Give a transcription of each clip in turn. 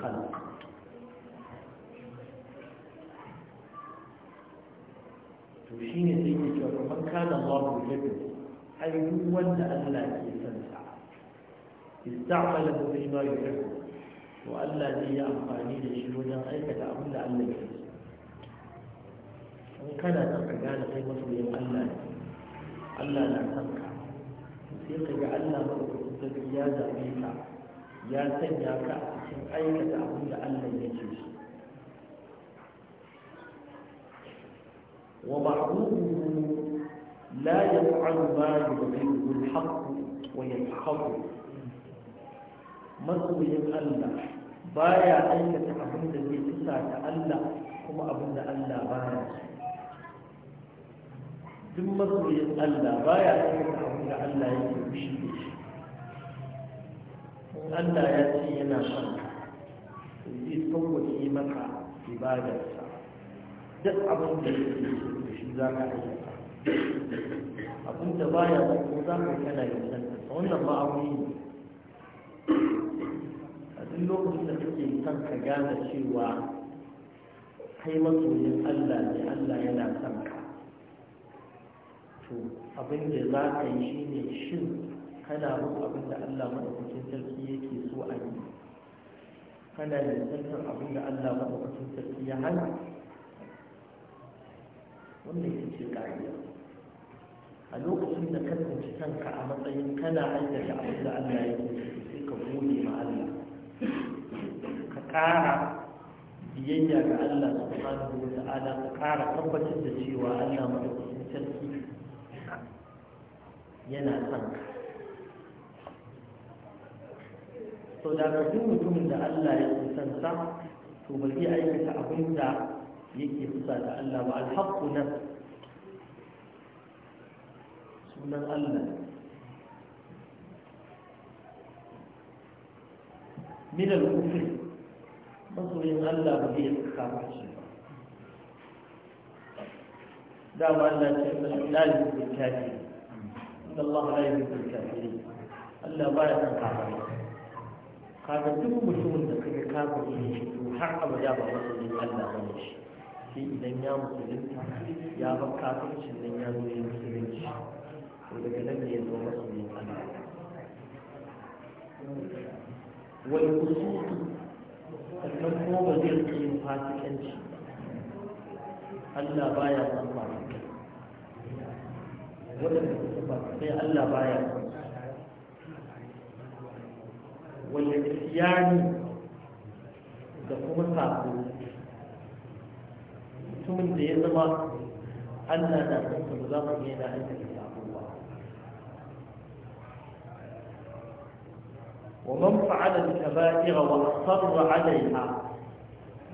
الخلق تشين سيدك ومن كان الله بجده أي هو الأهلاك يسنسع استعمله فيما يحب وأن لا دي أمقاني لشلونا أي كده أقول لأن لك من كان تقعان في مصر يقول لا ألا لا تنكع وسيقك ألا مرتبط بيادة بيتعب ya sanya ka a cikin aikata abin da Allah ya ce shi wa ma'rufu la yaf'alu ma yubghidu al-haqq wa yashaqqu masoyin Allah baya aikata abin da zai tsaya ta Allah kuma abin da Allah baya so duk masoyin Allah baya aikata abin da Allah yake fushi da shi Allah ya ce yana son ka zai yi maka ibadarsa duk abin da ya ke da shi za ka aikata abin da baya ya ko za ka kana yi nan wannan ba abu ne a duk lokacin da kake son ka gane cewa kai masoyin Allah ne Allah yana son ka to abin da za ka yi shine shi kana bin abin da Allah madaukakin sarki yake so a yi kana nisantar abin da Allah madaukakin sarki ya hana wannan ya ce ƙariya a lokacin da ka tsinci kanka a matsayin kana aikata abin da Allah ya so sai ka gode ma Allah ka ƙara biyayya ga Allah subhanahu wa ta'ala ka ƙara tabbatar da cewa Allah madaukakin sarki yana sanka sau da ga duk mutumin da Allah ya kusanta to ba zai aikata abin da yake kusa da Allah ba alhaqqu nan sunan Allah min al-kufr masoyin Allah ba zai kama shi ba dama Allah ce la yuhibbu al-kafirin Allah la yuhibbu al-kafirin Allah baya san kafirai kaga duk mutumin da kaga kafin shi shi to har abada ba musulmin Allah ba ne shi sai idan ya musulunta ya bar kafircin nan ya zo ya musulunci to daga nan ne ya zo musulmin Allah wal usul sannan kuma ba zai rike yin fasikanci Allah baya san fasikanci wadanda su fasikai Allah baya san والعصيان da kuma sako mutumin da ya zama allah na kanka ba za mu iya na aikata sako ba wa man fa'ala al-kaba'ira wa asarra 'alayha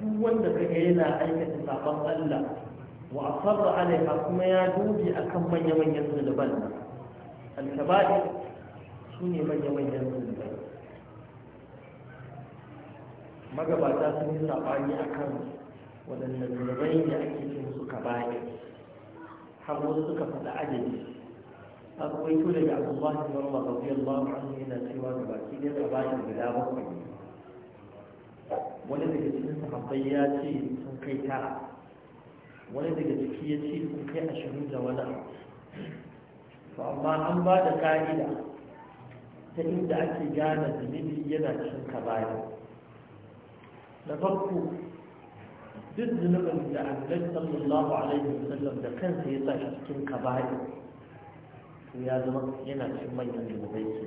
duk wanda kaga yana aikata sakon allah wa asarra 'alayha kuma ya doge akan manya-manyan zunuban al-kaba'ir shine manya-manyan zunuban magabata sun yi saɓani a kan waɗanda zunubai da ake ce suka kabari har wasu suka faɗa ajali akwai to daga abdullahi bin umar radiyallahu anhu yana cewa da baki da kabari guda bakwai wani daga cikin sahabbai ya ce sun kai tara wani daga ciki ya ce sun kai ashirin da wani to amma an ba da ka'ida ta inda ake gane zunubi yana cikin kabari na farko duk zunubin da annabi sallallahu alaihi wasallam da kansa ya sa shi cikin kabari to ya zama yana cikin manyan zunubai ke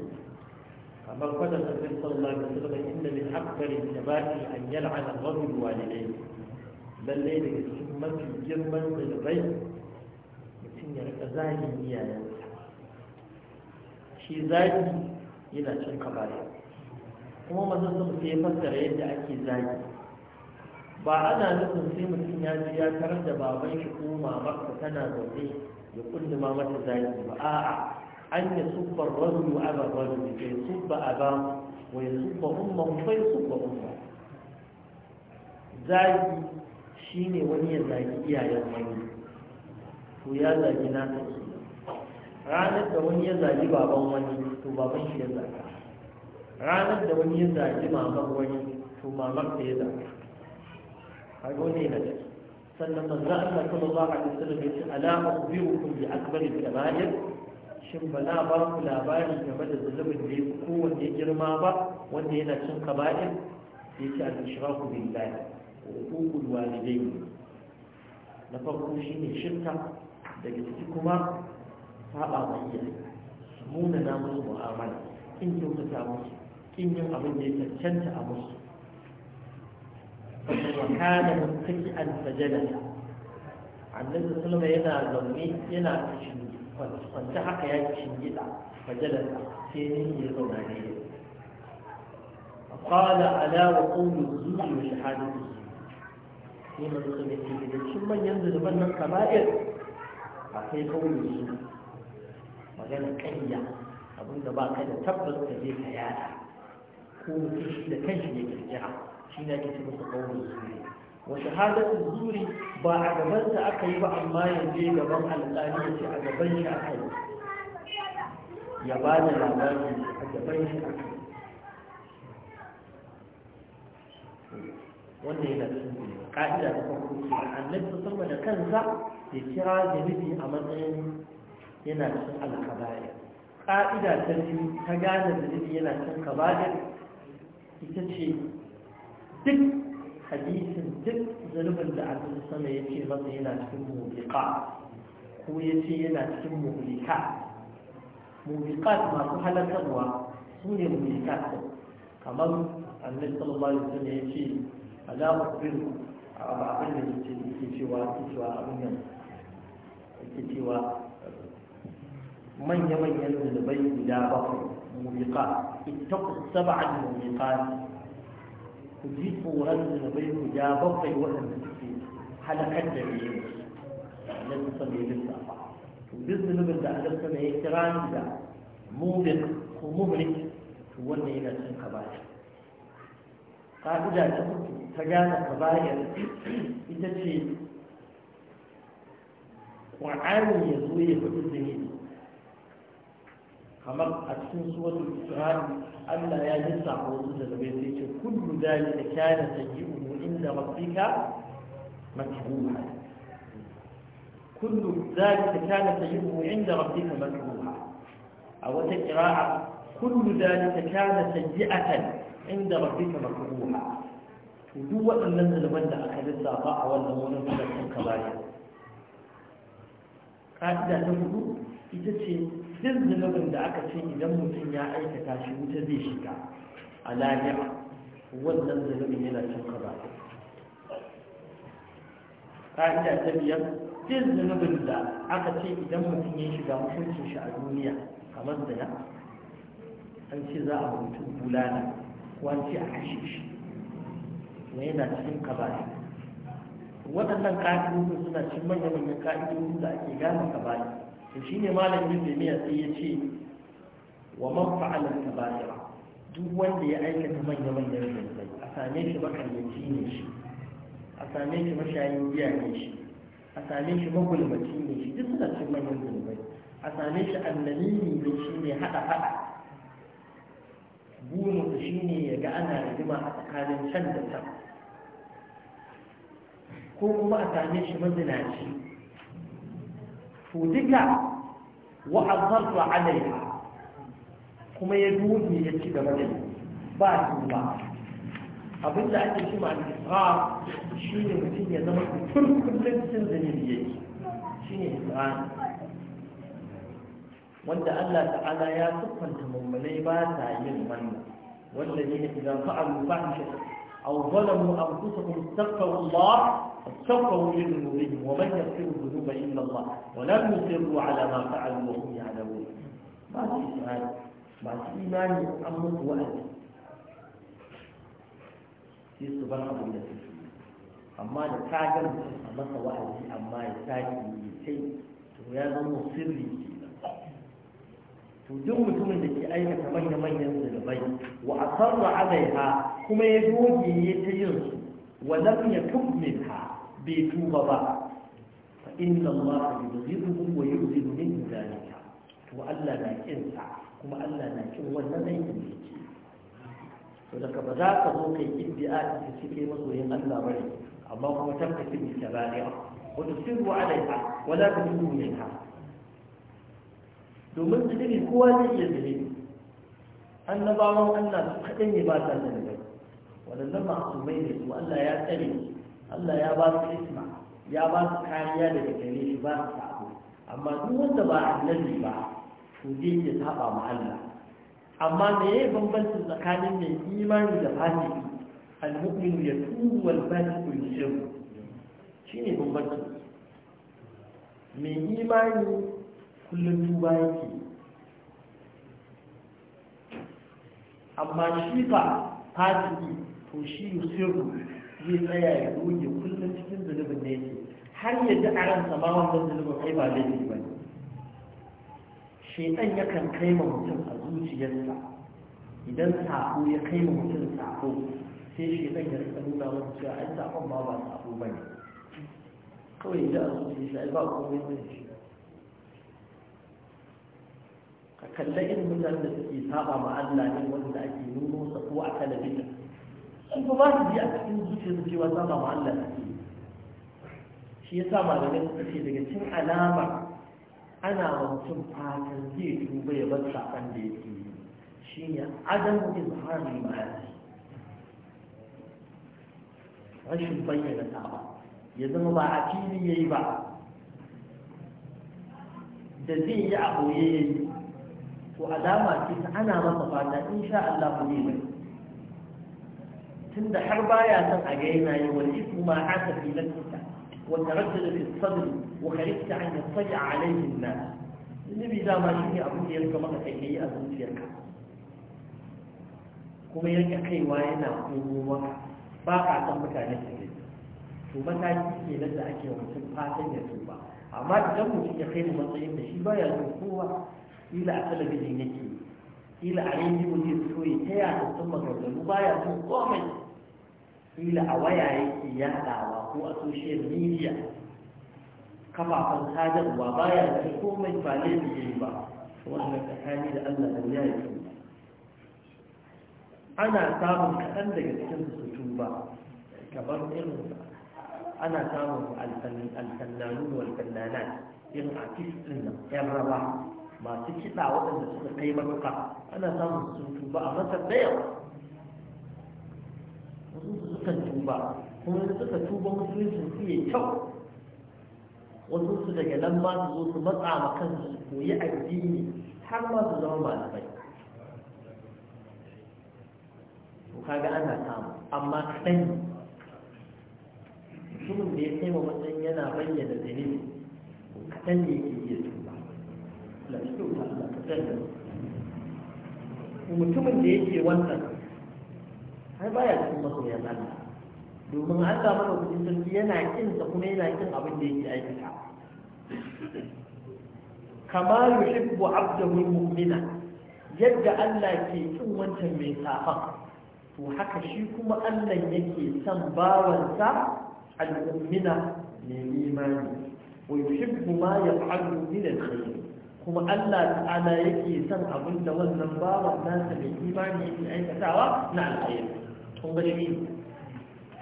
kamar kwanan annabi sallallahu alaihi wasallam inda min akbari kabari an yal'ana rajul walidai lalle da cikin mafi girman zunubai mutum ya rika zagin iyayensa shi zagi yana cin kabari kuma mazan sun sai fassara yadda ake zagi ba ana nufin sai mutum ya ji ya tarar da baban shi ko mamarsa tana zaune ya ma mata zagi ba a'a an ya subba rajulu aba kai ya a ba wa ya subba umma fa ya subba umma zagi shine wani ya zagi iyayen wani to ya zagi na ta ranar da wani ya zagi baban wani to baban shi ya zaga ranar da wani ya zaki mamar wani to mamar ta ya zaki kaga wani na ciki sannan za a manzo a sallallahu alaihi wasallam ya ce biyu kun bi akbaril kaba'ir shin ba na ba ku labari game da zulubin da ya fi kowanne girma ba wanda yana cin kaba'ir ya ce a al-ishraku billahi wa uqul walidayn na farko shi ne shirka daga ciki kuma saba wa iyaye muna na musu mu'amala in kyautata musu kin yin abin da ya cancanta a musu wa kana muttaki an sajada annabi sallama yana zaune yana kwanta haka ya shingida sajada sai ne ya zauna ne قال على وقول الزور وشهادته sai manzo ne ke da cikin manyan zunuban nan kaba'ir akwai kaunin su magana ƙarya abinda ba ka da tabbas ka je ka yada ko mutum shi da kanshi ya kirkira shi ne ake cikin kaunin zuri wata hadatun zuri ba a gaban gabansa aka yi ba amma yanzu gaban alƙali ya ce a gaban shi aka yi ya ba da labarin a gaban shi aka yi wanda yana cikin ka'ida ta farko ce annabi sama da kansa ya kira zunubi a matsayin yana cikin alkabari ka'ida ta biyu ta gane zunubi yana cikin kabari ita ce duk hadisin duk zunubin da abin sama ya ce masa yana cikin mubiƙa ko ya ce yana cikin mubiƙa mubiƙa masu halakarwa su ne mubiƙa kamar annabi sallallahu alaihi wasallam ya ce ala a abin da yake cewa yake cewa abin nan yake cewa manya-manyan zunubai guda bakwai الموبقات اتقوا السبع الموبقات تجيبوا رجل نبيه جابوا في وزن حلقة دليل لن تصلي للسابع وبإذن الله بدأ لسنا يكران إذا موبق ومهلك تولى إلى الكبائر قاعدة تجاه الكبائر إذا شيء وعامل يزويه بالذنوب kamar a cikin suratul isra'i Allah ya lissafa wasu zalibai sai ce kullu dalika kana sayyi'u inda rabbika majhula kullu dalika kana sayyi'u inda rabbika majhula a wata qira'a kullu dalika kana sayyi'atan inda rabbika makruha to duk waɗannan zaliban da aka lissafa a wannan wurin da kan kabari ka'ida ta hudu ita ce duk zunubin da aka ce idan mutum ya aikata shi wuta zai shiga a lahira wannan zunubin yana cin kaba ƙa'ida ta biyar duk zunubin da aka ce idan mutum ya shiga hukuncin shi a duniya kamar zina an ce za a mutum bulana ko an ce a kashe shi ne yana cikin kabari waɗannan ƙa'idodin suna cin manya-manyan ƙa'idodin da ake gane kabari to ne malamin jami'a sai ya ce wa man fa'ala kaba'ira duk wanda ya aikata manya manyan zunubai a same shi makaryaci ne shi a same shi mashayin biya ne shi a same shi magulmaci ne shi duk suna cin manyan zunubai a same shi annalini ne shi ne haɗa haɗa burinsa shi ne ya ga ana rigima a tsakanin can da can ko kuma a same shi mazinaci فودك وأظهرت عليها kuma ya dubi ya ci gaba da ba su ba abin da ake shi ma isra shi ne mutum ya zama kullum kullum cin zunubi yake shi ne isra wanda Allah ta'ala ya siffanta mummunai ba ta yin wannan wanda ne idan fa'alu fahimta أو ظلموا أنفسهم استغفروا الله فاستغفروا لذنوبهم ومن يغفر الذنوب إلا الله ولم يصروا على ما فعلوا وهم يعلمون ما في إيمان ما في إيمان أمر وأذى في سبحان الله amma da ta ga mutum a masa wa'azi amma ya sake yi sai to ya zama sirri to duk mutumin da ke aikata manya-manyan zunubai wa asarra alaiha kuma ya doge ya ta yin su wa lam yatub minha bai tuba ba fa inna Allah yuzhibuhu wa yuzhibu min zalika to Allah na kin sa kuma Allah na kin wannan aikin da yake to daga ba za ka zo kai iddia ta cike masoyin Allah bane amma kuma tabbata bi tabari'a wa tusiru alaiha wa la tusiru minha domin zunubi kowa zai iya zunubi annabawan Allah su kaɗan ne ba sa zunubi waɗannan ma'asumai ne kuma Allah ya tsare Allah ya ba su isma ya ba su kariya daga gare shi ba su sabo amma duk wanda ba annabi ba to zai iya saba ma Allah amma me ya bambanci tsakanin mai imani da fasiki al-mu'min ya tubu wal fasiku Shi shine bambanci mai imani kullum tuba yake amma shi ba fasiki to shi yusiru zai tsaya ya doge kullum cikin zunubin da yake har ya ji a ransa ma wannan zunubin kai ba yi ba ne shaitan yakan kai ma mutum a zuciyarsa idan sako ya kai ma mutum sako sai shaitan ya rika nuna masa cewa ai sakon ma ba sako ba ne kawai ji a zuciyar shi ai ba komai ba ne ka kalla irin mutanen da suke saba ma Allah ne wanda ake nuno sa ko a talabijin su ba su biya a cikin zuciyar su cewa sama Allah shi ya sa ce daga cin alama ana wa mutum fatan zai tuba ya bar saƙon da shi ne adam rashin bayyana ya zama ba a fili ya yi ba da zai yi a ya yi to alama ce ta ana masa fata in sha Allah ku ne mai tunda har baya san a ga yana yi wal ismu ma haka fi nafsika wa taraddada fi sadr wa kharifta an yattaja alayhi an-nas zunubi dama shi ne abin da ya rika maka kai yayi a zuciyarka kuma ya kaiwa yana komo maka ba ka san mutane su ne to mataki ke nan da ake mutum fatan ya tuba amma idan mutum ya kai matsayin da shi baya jin kowa ila a talabijin yake ila a rediyo ne so ya taya da sun maganganu baya jin komai kila a waya yake yaɗawa ko a social media kafafen sadarwa ba ya da komai ba ne da yi ba wannan tsakani da Allah da ya yi ana samun kaɗan daga cikin su ba kamar irin ana samun alfannanu da walfannana irin artist ɗin nan yan raba masu kiɗa waɗanda suka kai matuƙa ana samun su tuba a masar da yawa kan tuba kuma suka tuba musulunci su yi kyau wasu su daga nan ba su zo su matsa ma kansu su koyi addini har ma su zama malamai to kaga ana samu amma kaɗan mutumin da ya kai wa matsayin yana bayyana dalili kaɗan ne ke iya tuba lafiya ta Allah ka mutumin da yake wannan har baya cikin masoyan Allah domin an Allah madaukakin sarki yana kin sa kuma yana kin abin da yake aikata kama yuhibbu abdahu mu'mina yadda Allah ke cin wancan mai safa to haka shi kuma Allah yake son bawansa al-mu'mina mai imani wa yuhibbu ma yaf'alu min al-khair kuma Allah ta'ala yake son abin da wannan bawan nasa mai imani yake aikatawa na alkhairi kun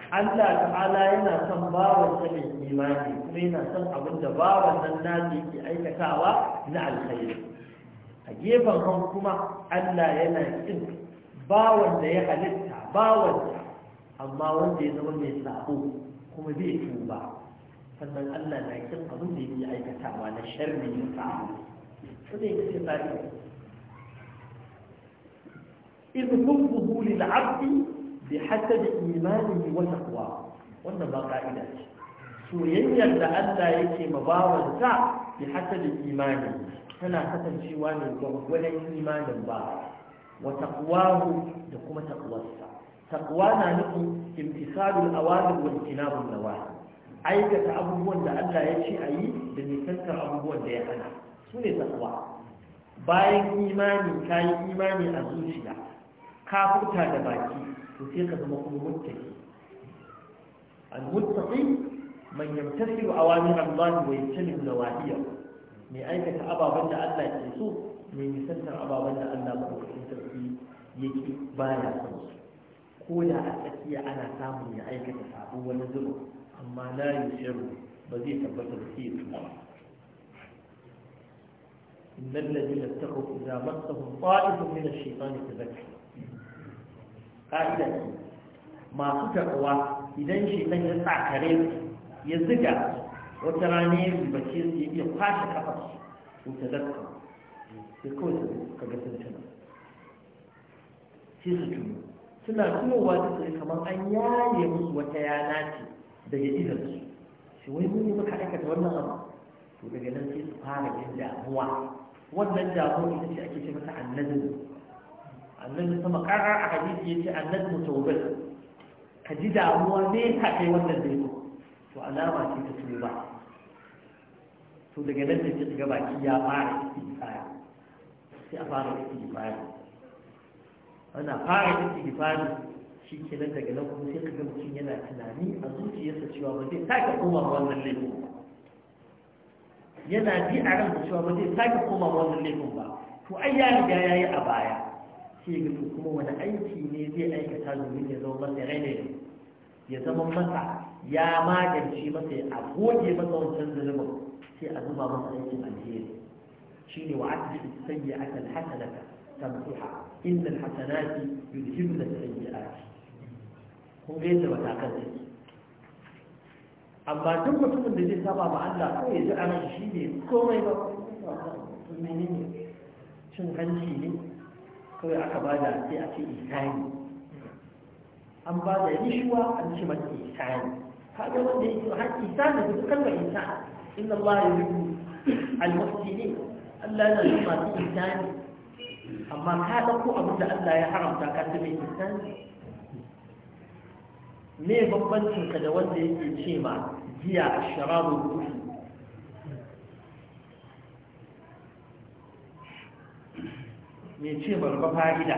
Allah ta'ala yana son bawan sa mai imani kuma yana son abin da bawan nan nasu ke aikatawa na alkhairi a gefen kan kuma Allah yana cin bawan da ya halitta bawan amma wanda ya zama mai sabo kuma zai tuba sannan Allah na kin abin da yake aikatawa na sharri da sabo kuma yake ce tsari إذ حبه للعبد bi hasabi imanihi wa taqwa wannan ba ka'ida ce soyayyar da Allah yake ma bawansa bi hasabi imani tana kasancewa ne gwagwanin imanin ba wa taqwahu da kuma taqwarsa taqwa na nufin imtisalul awamir wa ijtinabun nawahi aikata abubuwan da Allah ya ce a yi da nisantar abubuwan da ya hana sune ne bayan imani ka yi imani a zuciya ka furta da baki تثير كما يكون متقي المتقي من يمتثل اوامر الله ويجتنب نواهيه من اين تتعبى بنت الله يسوع من يسنتر ابا بنت الله ويكون تركي يجي بايا كولا اتكي انا سامي عيكة سابو ونزلو اما لا يشير بذي ثبت بخير ان الذين اتقوا اذا مسهم طائف من الشيطان تذكر ƙa'idar masu taɓuwa idan shi ɗan ya kare ya ziga wata rana ya ribace su ya kwashe kafar su ta zarta sai kawai su ka ga sun tuna sai su tuno suna tunowa su sai kamar an yaye musu wata yana ce da ya idan su shi wai mun yi maka aikata wannan abu to daga nan sai su fara yin damuwa wannan damuwa ita ce ake ce mata annabin annabi sama ƙara a hadisi ce annabi mutawbil ka ji damuwa ne ka kai wannan dai to alama ce ta tuba to daga nan da ke gaba baki ya fara tsaya, sai a fara istighfar ana fara istighfar shi ke nan daga nan kuma sai ga mutum yana tunani a zuciyarsa cewa ba zai sake koma wannan laifin ba yana ji a ransa cewa ba zai sake koma wannan laifin ba to ai ya riga ya yi a baya sai ga kuma wani aiki ne zai aikata domin ya zama masa raine ya zama masa ya magance masa ya goge masa wancan zulumin sai a zuba masa aikin alheri shine wa addi sayyi'ata alhasanata tamsuha inna alhasanati yudhibna sayyi'ati kun ga yadda matakan take amma duk mutumin da zai saba ba Allah ko ya ji anan shi ne komai ba ko kuma ne cin hanci ne kawai aka ba da sai a ce isani an ba da rishuwa an ce mata isani kaga wanda yake har isani da kalmar isani inna Allah ya yuhibbu al-muhsinin Allah yana son masu isani amma ka dauko abin da Allah ya haramta ka ta mai isani me bambancin ka da wanda yake ce ma jiya a sharabul kufri mai ce barba fa'ida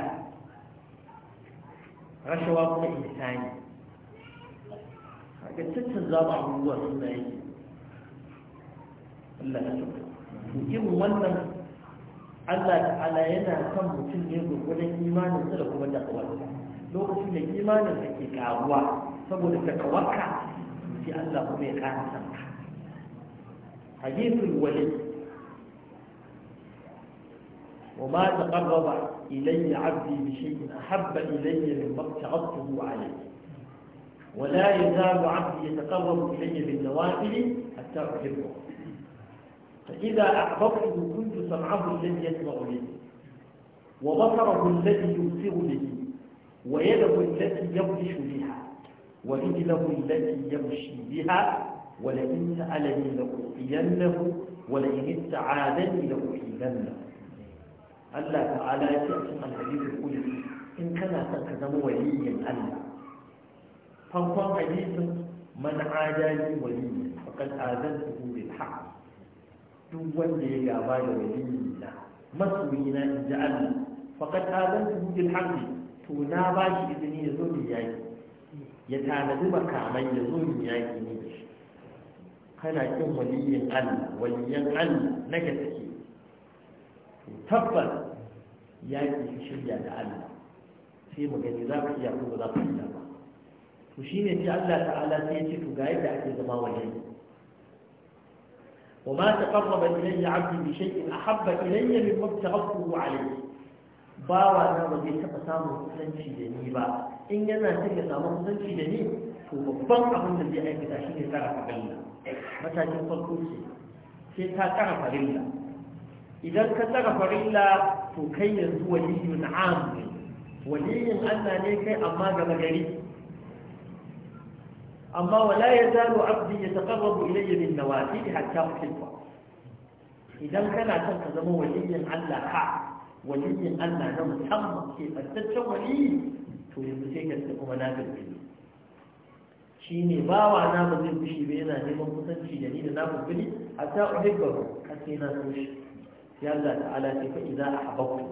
rashawa kuma insani ga cikin zama abubuwa suna yi Allah ya tuka mu wannan Allah ta'ala yana kan mutum ne gurgurin imanin da kuma takawarsa lokacin da imanin da ke karuwa saboda kawarka sai Allah kuma ya kara sanka hadithul walid وما تقرب إلي عبدي بشيء أحب إلي مما افترضته عليه ولا يزال عبدي يتقرب إلي بالنوافل حتى أحبه فإذا أحببته كنت سمعه الذي يسمع لي وبصره الذي يبصر به ويده التي يبطش بها ورجله التي يمشي بها ولئن سألني لأعطينه ولئن استعاذني لأعيذنه Allah ta'ala ya ce cikin alhadisul qudsi in kana son ka zama waliyin Allah farkon hadisin man adali waliyin faqad azantuhu bil haqq duk wanda ya gaba da waliyin na masoyina in ji Allah faqad azantuhu bil haqq to na ba shi izini ya zo da yaki ya tanadi makamai ya zo da yaki ne kana kin waliyin Allah waliyan Allah na gaske tabbas ya ki shirya da Allah sai mu gani za ka iya ko za ka iya ba to ne sai Allah ta'ala sai ya ce to ga yadda ake zama wajen وما تقرب إلي عبدي بشيء أحب إلي مما ابتغضته عليه باوا na ba zai taɓa samun kusanci da ni ba in yana son ya samu kusanci da ni to babban abin da zai aikata shi ne sai ta farilla idan ka tsara farilla to kai yanzu waliyun am waliyun waliyin Allah ne kai amma gaba gari amma wala ya zalo abdi ya taqarrabu ilayya bin nawafil hatta uhibba idan kana son ka zama waliyun Allah ka waliyun Allah na musamman ke fataccen waliyi to yanzu sai ka tsaka kuma na gari shi ne bawa na ba zai fushi ba yana neman kusanci da ni da na a hatta uhibba ka sai na so shi sai Allah ta ce fa idza ahbabtu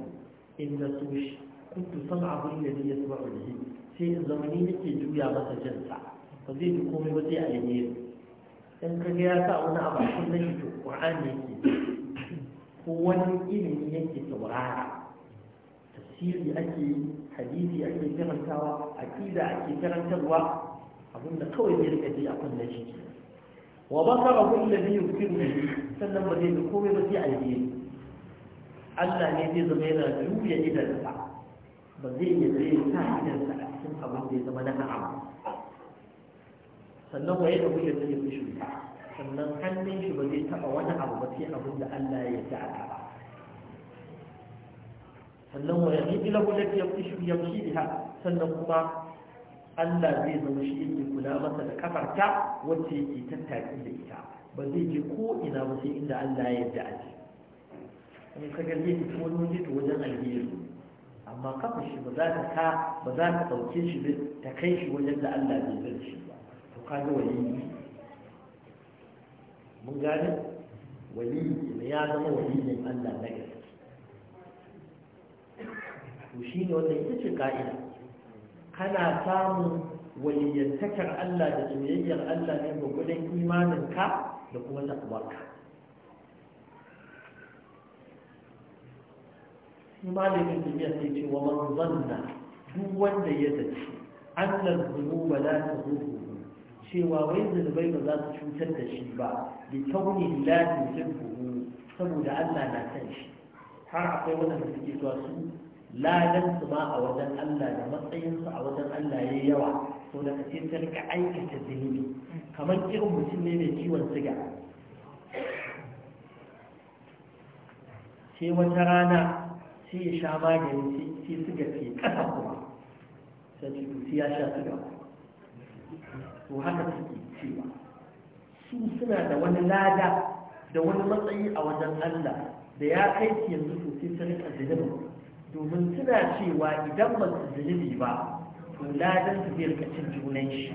in na so shi kuntu san abin da zai yasma bihi sai in zamani ni nake juya masa jinsa ba zai ji komai ba sai a yi in ka kaga ya sa wani abu a kullum shi to qur'ani yake ko wani ilimi yake saurara tafsiri ake yi hadisi ake karantawa aqida ake karantarwa abinda kawai zai rika ji a kullum shi wa basara kullu ladhi yusiru sannan ba zai ji komai ba sai a yi alheri Allah ne zai zama yana juya idansa ba zai iya zai sa idansa a cikin abin da ya zama na haram sannan wa ya da wuya zai fi shuka sannan hannun shi ba zai taɓa wani abu ba sai abin da Allah ya yarda a ba sannan waye ne ila wuya zai fi shuka yamshi da sannan kuma Allah zai zama shi yake kula masa da kafarta wacce yake tattaki da ita ba zai je ko ina ba sai inda Allah ya yarda a in ka gari ya fita wani waje to wajen alheri amma kafa shi ba za ta ka ba za ta ɗauke shi ta kai shi wajen da Allah zai zai shi ba to ka ga waliyi mun gane wali ne ya zama ne Allah na gaske to shi ne wannan ita ce ka'ida kana samun waliyyantakar Allah da soyayyar Allah ne kudin gudun imaninka da kuma takwarka shi malamin jami'a sai cewa wa man zanna duk wanda ya zaci annal zunuba la tazuhu cewa wai zunubai ba za su cutar da shi ba bi kauni sun buhu saboda Allah na san shi har akwai wanda suke cewa su ladan su ma a wajen Allah da matsayin su a wajen Allah ya yawa to da kace ta rika aikata zunubi kamar irin mutum ne mai ciwon siga sai wata rana sai ya sha magani sai suga ke kasa kuma sai ya sha suga to haka suke cewa su suna da wani lada da wani matsayi a wajen Allah da ya kai su yanzu to sai su rika zunubi domin suna cewa idan ba su zunubi ba to ladan su zai rika cin junan shi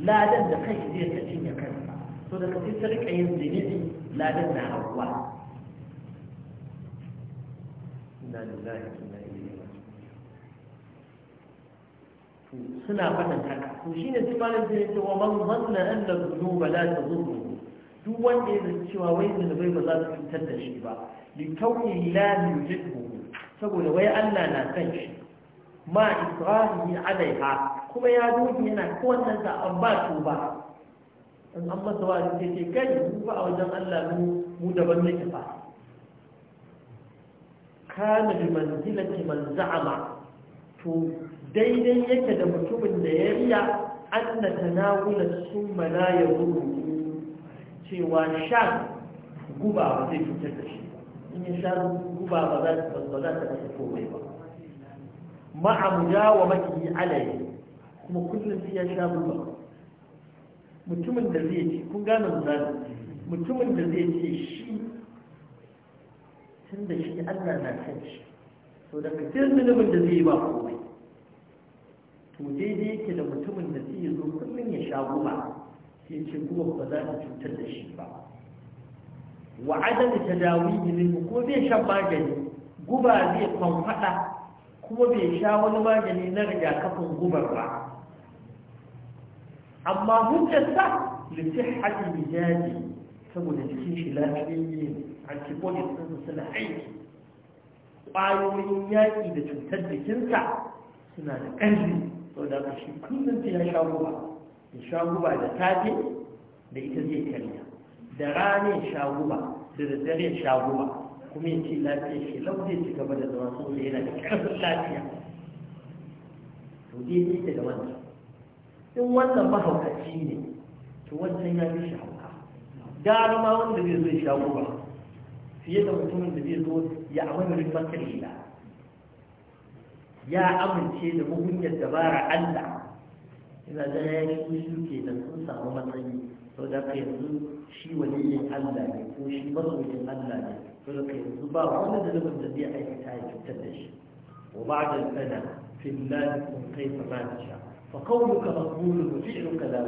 ladan da kai zai rika cin ya kai so da kafin su rika yin zunubi ladan na hawa lillahi wa inna ilaihi raji'un suna faɗin haka to shine sai malam sai ya ce wa man zanna anna dhunuba duk wanda ya zai cewa wai zunubai ba za ta fitar da shi ba li kauni la yujidhu saboda wai Allah na san shi ma isra'ihi alaiha kuma ya doge yana wannan da an ba su ba in an masa wa ce kai ba a wajen Allah mu mu daban nake fa kana bi manzilati man za'ama to daidai yake da mutumin da ya riya anna tanawula summa la yadurru cewa sha guba ba zai cutar da shi in ya sha guba ba za ta ba za ta kashe komai ba ma'a maki alayhi kuma kullum sai ya sha guba mutumin da zai ce kun gane mutumin da zai ce shi Tunda shi Allah na san shi to da kafin da zai yi ba komai to daidai yake da mutumin da zai zo kullum ya sha guba sai ce guba ba za ta cutar da shi ba wa ta tadawi ne ko bai shan magani guba zai kwanfada kuma bai sha wani magani na rigakafin gubar ba amma hujjarsa da sihhatin mijaji saboda jikin shi lafiyayye ne antibodies ɗinsa suna aiki ƙwayoyin yaƙi da cutar jikinsa suna da ƙarfi sau da ka shi kullum ya sha guba ya sha guba da tafi da ita zai karya da ranar sha guba da daddare sha guba kuma ya ce lafiya shi lau zai ci gaba da zama saboda yana da ƙarfin lafiya to dai ne da wannan in wannan mahaukaci ne to wancan ya fi shi hauka gara ma wanda zai zai sha guba في يد فيه تمتون الدبير دول يا عمر الفكر إلا يا عمر تشيد مهم الدبارة ألا إذا دلالي كوشي كيدا تنسى ومطعي فذا قيرزو شي ولي ألا وشي مضوي ألا فذا قيرزو باب عمر دلوم تبيع أي حكاية تتدش وبعد الفنا في الله من كيف ما نشاء فقولك مقبول وفعلك لا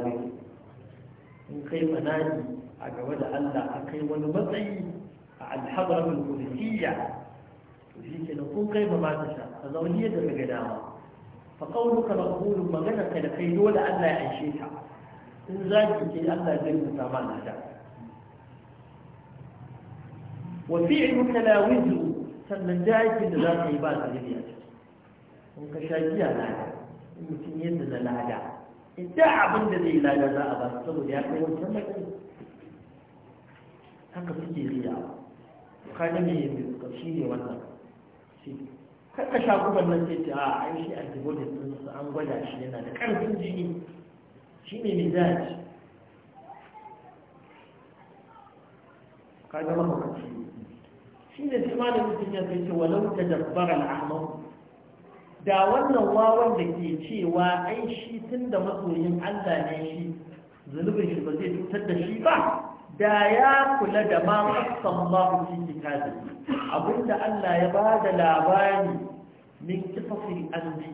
من كيف نادي أجود ألا أكي ونمطعي عن حضرة الكوفية وفي سنقول كيف ما تشاء هذا ولي يدر قدامه فقولك مقبول ما غنق لكي دول أن لا يعيشيها إن ذلك كي أن لا يدر مطامان هذا وفعلك لا وزر سمن جائك إن ذات عبادة جديدة وانك شاكيا لا يدر المسلم يدر لا يدر إنتاع من الذي لا يدر أبا سبب يأكل وانتمك هكذا تجي غيابه kaga ne shi ne wannan ka sha kuban nan sai ce a ah, ai shi antibodies din su an gwada shi yana da karfin jini shi ne mizaji kaga mahaukaci shi ne tsimanin mutum ya sai ce walau ta dabbar al'amau da wannan wawan da ke cewa ai shi tun da masoyin allah ne shi zunubin shi ba zai cutar da shi ba da ya kula da ma kasan mahu fi kitabi abinda Allah ya ba da labari min kisafi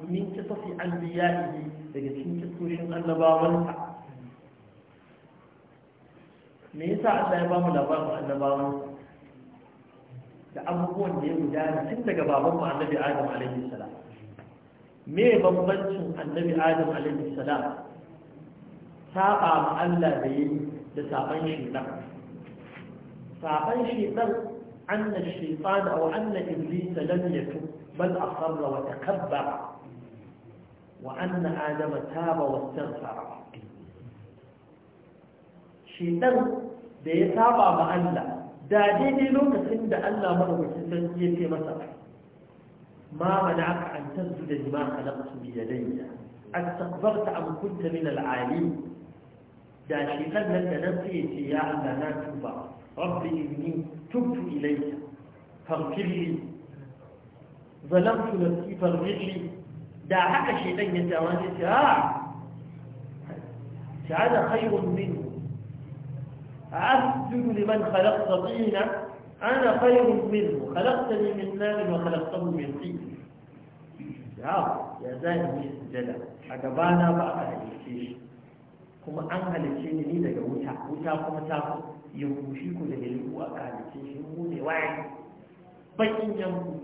min kisafi anbiya'i daga cikin kisoshin annabawansa me yasa Allah ya ba mu labarin annabawansa da abubuwan da ya gudana tun daga baban mu annabi Adam alaihi salam me bambancin annabi Adam alaihi salam saba ma Allah da yayi da saban shaitan saban shaitan anna shaitan aw anna iblis lam yatub bal asarra wa takabbara wa anna adama taba wastaghfara shaitan da ya saba ma Allah da daidai lokacin da Allah madaukakin sarki ya masa ma mana'aka an tasjuda lima khalaqtu bi yadayya astakbarta am kunta min al داشي لما في إتياع لنا توبة ربي إني تبت إليك فاغفر لي ظلمت نفسي فاغفر لي دا حق شيطان يتواجه ساعة خير منه عبد لمن خلقت طينا أنا خير منه خلقتني من نار وخلقته من طين يا زاني جلال أجبانا بعد أن يكفيش kuma an halicce ni ni daga wuta wuta kuma ta ku shi ku da yanku a halice shi mu ne waye bakin yanku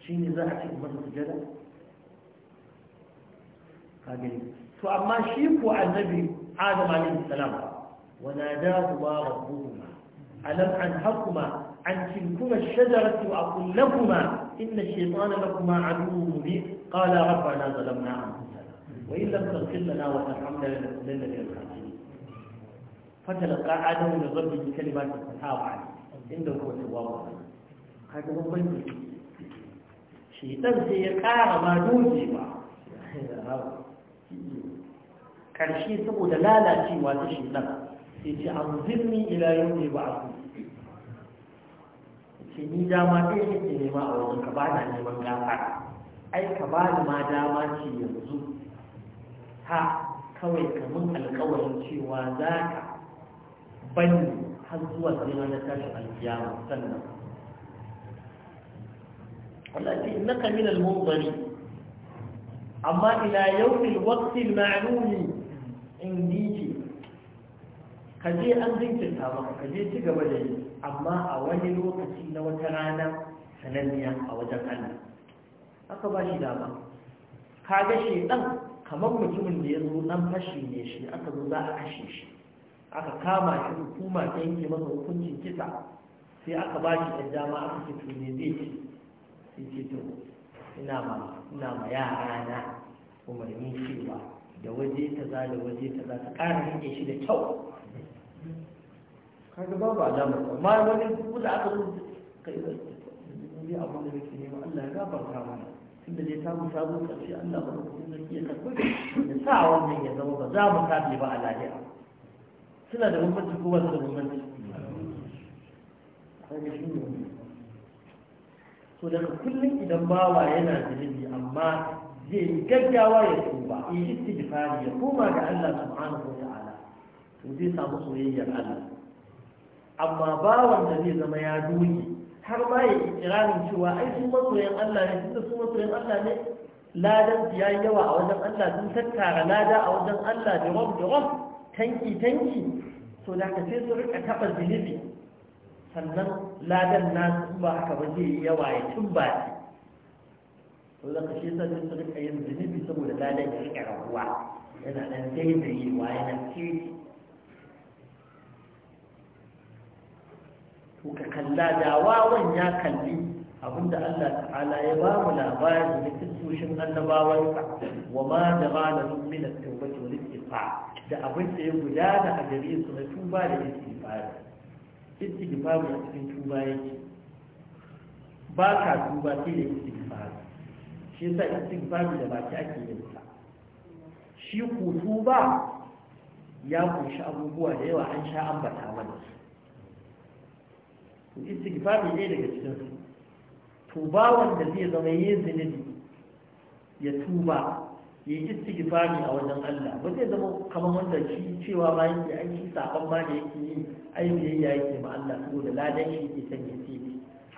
shi ne za a ce masa sujada ka gani to amma shi ko annabi adam alaihi salam وناداهما ربهما ألم أنهكما عن تلكما الشجرة وأقول لكما إن الشيطان لكما عدو مبين قالا ربنا ظلمنا أنفسنا وإن لم تغفر لنا وترحمنا لنكونن من الخاسرين فتلقى آدم من ربه كلمات فتاب عليه هو التواب هذا هو بنتي شيطان سيقار ما دوجي ما karshe saboda lalacewa ta shi nan sai ce an zirni ila yau ne ba a ce ni dama ɗaya yake nema a wajen ka ba na neman gafara ai ka ba ma dama ce yanzu ka kawai kamun alkawarin cewa za ka bani har zuwa sai na tashi alkiyama sannan wadatai Na innaka min amma ila yau waqti al-ma'lumi in ce ka je an jinkirta maka ka je ci gaba da yi amma a wani lokaci na wata rana sananniya a wajen Allah aka ba shi dama ka ga ɗan. kamar mutumin da ya zo nan fashi ne shi aka zo za a kashe shi aka kama shi hukuma ta yanke masa hukuncin kisa sai aka ba shi ɗan dama aka ce to ne zai ce sai ce to ina ma ina ma yara na umarni cewa da waje ta za da waje ta za ta ƙara rike shi da kyau kaga babu alama amma wani kuma da aka zo ka yi zai abin da nake nema Allah ya gafarta mana tunda dai samu sabon karshe Allah ba kuma zai iya karɓi da sa wannan ya zama ba za mu kafe ba a lahira suna da bambanci ko wasu da bambanci kaga shi ne so daga kullum idan bawa yana zunubi amma zai yi gaggawa ya tuba yi istighfari ya koma ga Allah subhanahu wa ta'ala to zai samu soyayyar Allah amma bawan da zai zama ya duniya har ma ya ikirarin cewa ai sun masoyan Allah ne tunda su masoyan Allah ne ladan ya yi yawa a wajen Allah sun tattara lada a wajen Allah da rob da rob tanki tanki to da ka sai su rika taba zunubi sannan ladan nasu ba haka ba zai yi yawa ya tumba to da ka shi yasa sai su rika yin zunubi saboda ladan ya rika rabuwa yana nan daidayewa yana keke to ka kalla da wawan ya kalli abinda Allah ta'ala ya ba mu labari da kisoshin annabawansa wa ma da ba da min at da kifa da abin da ya gudana a gare su na tuba da istighfar istighfar a cikin tuba yake ba ka tuba sai da istighfar shi yasa mu da baki ake yin sa shi ku tuba ya kunshi abubuwa da yawa an sha ambata mana su istighfari ne daga cikin su tuba wanda zai zama yin zunubi ya tuba ya yi istighfari a wajen Allah ba zai zama kamar wanda shi cewa ba yake an shi sakon ba da yake yi ai ya yake ma Allah saboda ladan shi ke san ya ce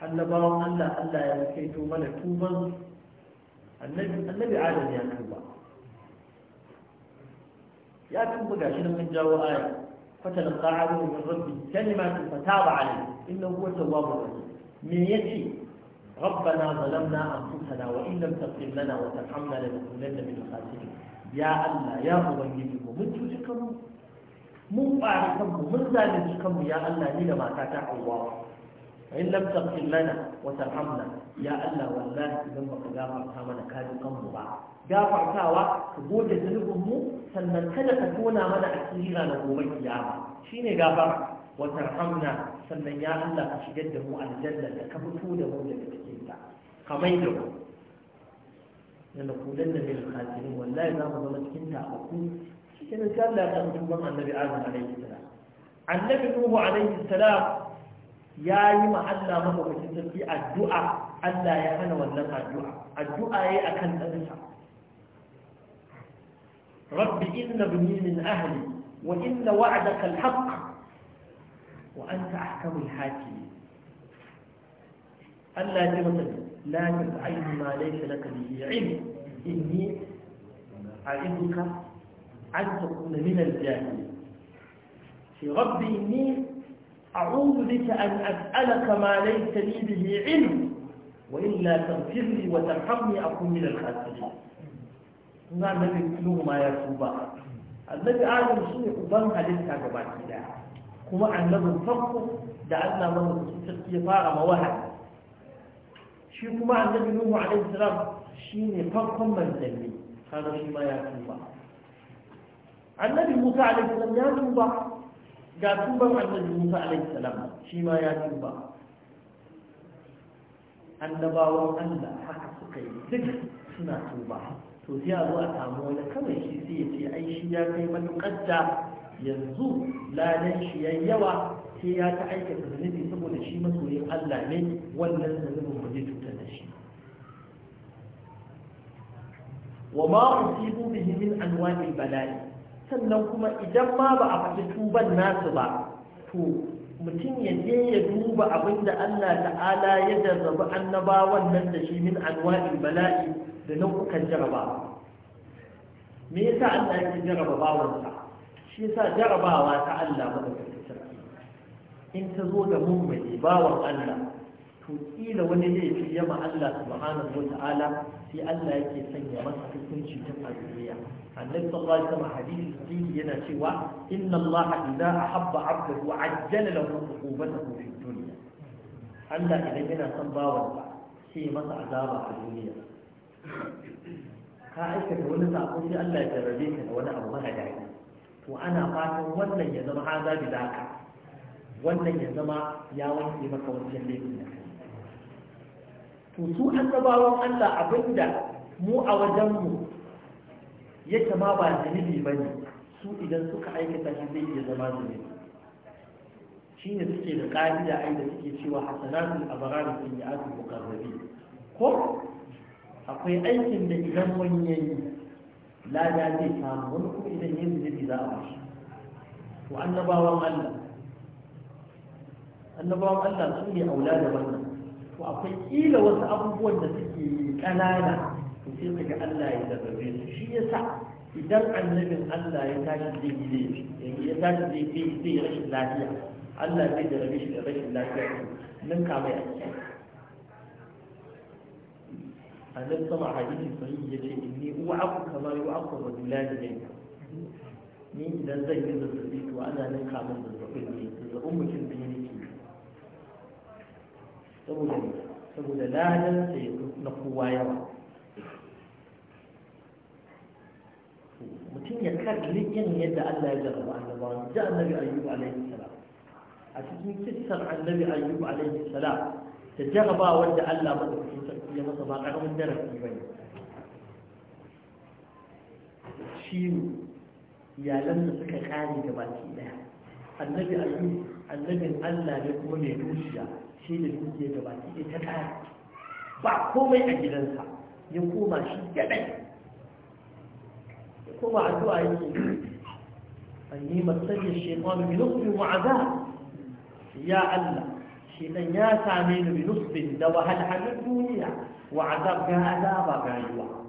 annabawan Allah Allah ya kai to mana tuban annabi annabi Adam ya tuba ya tuba gashi nan mun jawo aya fatal qa'adu min rabbi kalimatu fataba alayhi إنه هو التواب الرحيم من يتي ربنا ظلمنا أنفسنا وإن لم تغفر لنا وترحمنا لنكونن من الخاسرين يا الله يا أبنجيكم من توجكم من بعدكم من ذلكم يا الله لنا ما تتعوا الله وإن لم تغفر لنا وترحمنا يا الله والله إذن بك غافر كامنا كاذقا مباع غافر كاوا كبوت ذنبهم سنن كذا تكون من أسيرا نقوم القيامة شيني غافر wa tarhamna sannan ya Allah ka shigar da mu aljanna da ka fito da mu daga cikin ta kamar da mu yana kulan da mai alhajirin wallahi za mu zama cikin ta a ku cikin insha ta mutu ban annabi Adam alaihi salam annabi Nuhu alaihi salam ya yi ma Allah mahaukacin tafi addu'a Allah ya hana wannan addu'a addu'a ya yi yayi akan ɗansa rabbi inna bani min ahli wa inna wa'daka al-haqq wa anta ahkamul hakim Allah ya masa la tas'ayni ma laysa laka bihi ilm inni a'iduka an takuna min al-jahil fi rabbi inni a'udhu bika an as'alaka ma laysa وإلا تغفر لي وترحمني أكون من الخاسرين na annabi nuhu ma ya tuba annabi adam shi ne halitta kuma annabin farko da Allah madaukakin sarki ya fara ma wahayi shi kuma annabi Nuhu alaihi shi ne farkon manzanni kaga shi ma ya tuba annabi Musa alaihi salam ya tuba ga tuban annabin Musa alaihi salam shi ma ya tuba annabawan Allah haka suka yi duk suna tuba to sai a zo a samu wani kawai shi sai ya ce ai shi ya kai matuƙar da yanzu ladan shi yawa sai ya ta aikata zunubi saboda shi masoyin Allah ne wannan zunubin ba zai cutar da shi wa ma usibu bihi min anwa'il bala'i sannan kuma idan ma ba a faɗi tuban nasu ba to mutum ya je ya duba abin da Allah ta'ala ya jarrabu annabawan nan da shi min anwa'il bala'i da nau'ukan jaraba me yasa Allah ya jaraba bawansa shi sa jarabawa ta Allah madaukakin sarki in ta zo da mummuni bawan Allah to kila wani zai ya ma Allah subhanahu wata'ala sai Allah yake sanya masa hukunci ta a annabi sallallahu alaihi wasallam hadisi sahihi yana cewa inna Allah idza ahabba 'abdahu ajjala lahu uqubatahu fid dunya Allah idan yana son bawan sa sai masa azaba a duniya ka aikata wani sako sai Allah ya jarrabe ka da wani abu mara daɗi to ana fatan wannan ya zama haza da ka, wannan ya zama ya wanke maka wancan laifin da to su annabawan Allah abinda mu a wajen mu yake ma ba zunubi ne su idan suka aikata shi zai iya zama zunubi shi ne suke da ƙa'ida ai da suke cewa a abrar sayyi'atul muqarrabin ko akwai aikin da idan wani yayi lada zai samu wani kuma idan yin zunubi za a bashi to annabawan Allah annabawan Allah su ne aula da wannan to akwai kila wasu abubuwan da suke ƙanana to sai ka ga Allah ya zarrabe su shi ya sa idan annabin Allah ya tashi zai yi laifi ya tashi zai yi rashin lafiya Allah zai zarrabe shi da rashin lafiya nan ka mai aiki annabi sama a hadisi sahihi yace inni u'aku kama yu'aku rajulan minka ni idan zan yi zazzabi to ana nan kamar zazzabin ne zazzabin mutum biyu ne ke saboda saboda ladan sai na kowa yawa mutum ya kalli yin yadda Allah ya jarraba annabawa da annabi ayyub alaihi salam a cikin kissar annabi ayyub alaihi salam da jaraba wanda Allah ba da sarki ya masa ba ƙaramin darasi ba ne ciwo iyalan suka kare da baki ɗaya annabi ayyub annabin Allah ne kuma mai dukiya shi da dukiya da baki ɗaya ta kare ba komai a gidansa ya koma shi kaɗai ya koma addu'a yake an yi masajin shekaru bi nufi mu'aza ya Allah حين ياسع من بنصب دوها الحمد الدنيا وعذابك عذابك أيوة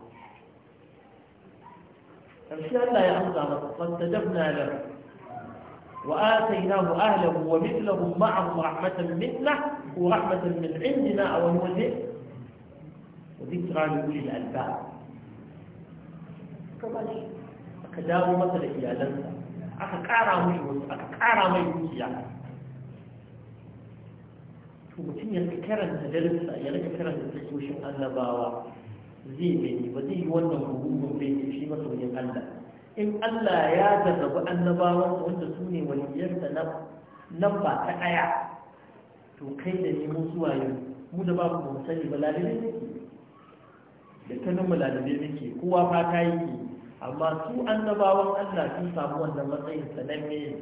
أمشي أن لا يحظى قد تدفنا له وآتيناه أهله ومثله معهم رحمة منا ورحمة من عندنا أو الوزن وذكرى لكل الألباب كما لي أكداه مثلك يا لنسى أكارا ميوز أكارا ميوز يعني mutum ya rika karanta darussa ya rika karanta tsoshin annabawa zai gani ba zai yi wannan hukumar bai ke shi wajen Allah in Allah ya jarrabu annabawa wanda su ne waliyarsa na ba ta ɗaya to kai da ne mun zuwa yau mu da ba mu sani ba lalibai nake da kanin mu lalibai ke kowa fata ke. amma su annabawan Allah sun samu wannan matsayin sanan ne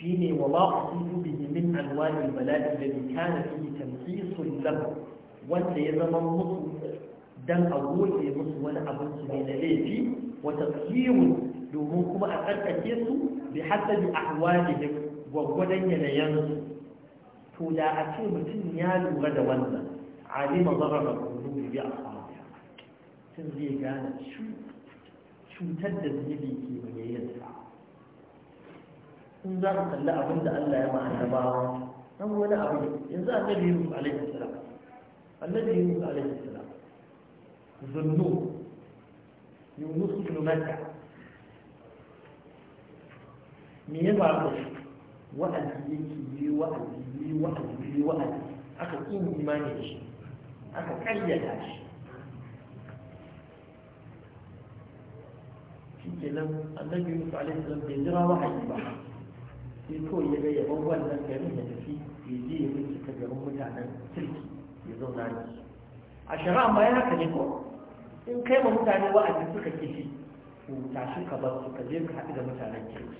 shine wa ma usibu bihi min anwa'il bala'i alladhi kana fihi tamhisun lahu wanda ya zama musu dan a goce musu wani abin su ne na laifi wa taslimu domin kuma a tsarkake su bi hasabi ahwalihim gwaggwadon su. to da a ce mutum ya lura da wannan alima zarara kudu bi ashabi sun zai gane cutar da zunubi ke bayyayyarsa in za ku kalli abin da Allah ya ma annabawa nan wani abu ne yanzu annabi Yunus alaihi salam annabi Yunus alaihi salam zunnu Yunus ibn Matta me ya faru wa'azi yake yi wa'azi yi wa'azi yi wa'azi aka kin imani da shi aka kayyada shi shi ke nan annabi musu alaihi salam bai jira wahayi ba sai kawai ya ga yaban wannan garin ya tafi ya je ya bincika garin mutanen kirki ya zauna da su a shari'a ma ya haka ne ko in kai ma mutane wa'azi suka kishi to tashi ka bar su ka je ka haɗu da mutanen kirki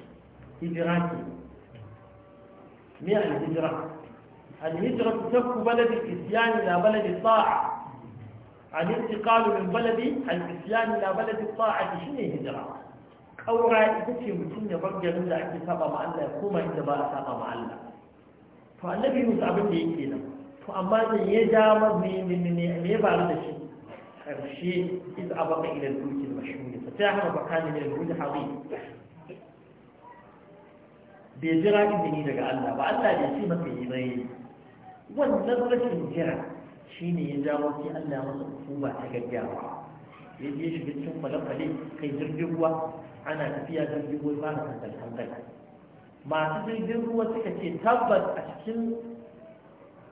hijira ke me al-hijira al-hijira tafku baladi isyan ila baladi ta'a الانتقال من بلد الإسلام إلى بلد الطاعة شنو هجرة ƙaura ita ce mutum ya bar garin da ake saba ma Allah ya koma inda ba a saba ma Allah to annabi Yunus abin da yake nan to amma da ya ja me me me me ya faru da shi karshe iz abaka ila al-fulk al-mashhur fa ta'ala bakana min al-wujh hadid bai jira izini daga Allah ba Allah bai ce maka yi bai wannan rashin jira shine ya jawo sai Allah masa hukuma ta gaggawa ya je shiga cikin kwale-kwale kai jirgin ruwa ana tafiya jirgin ruwa ba na hankali hankali masu jirgin ruwa suka ce tabbas a cikin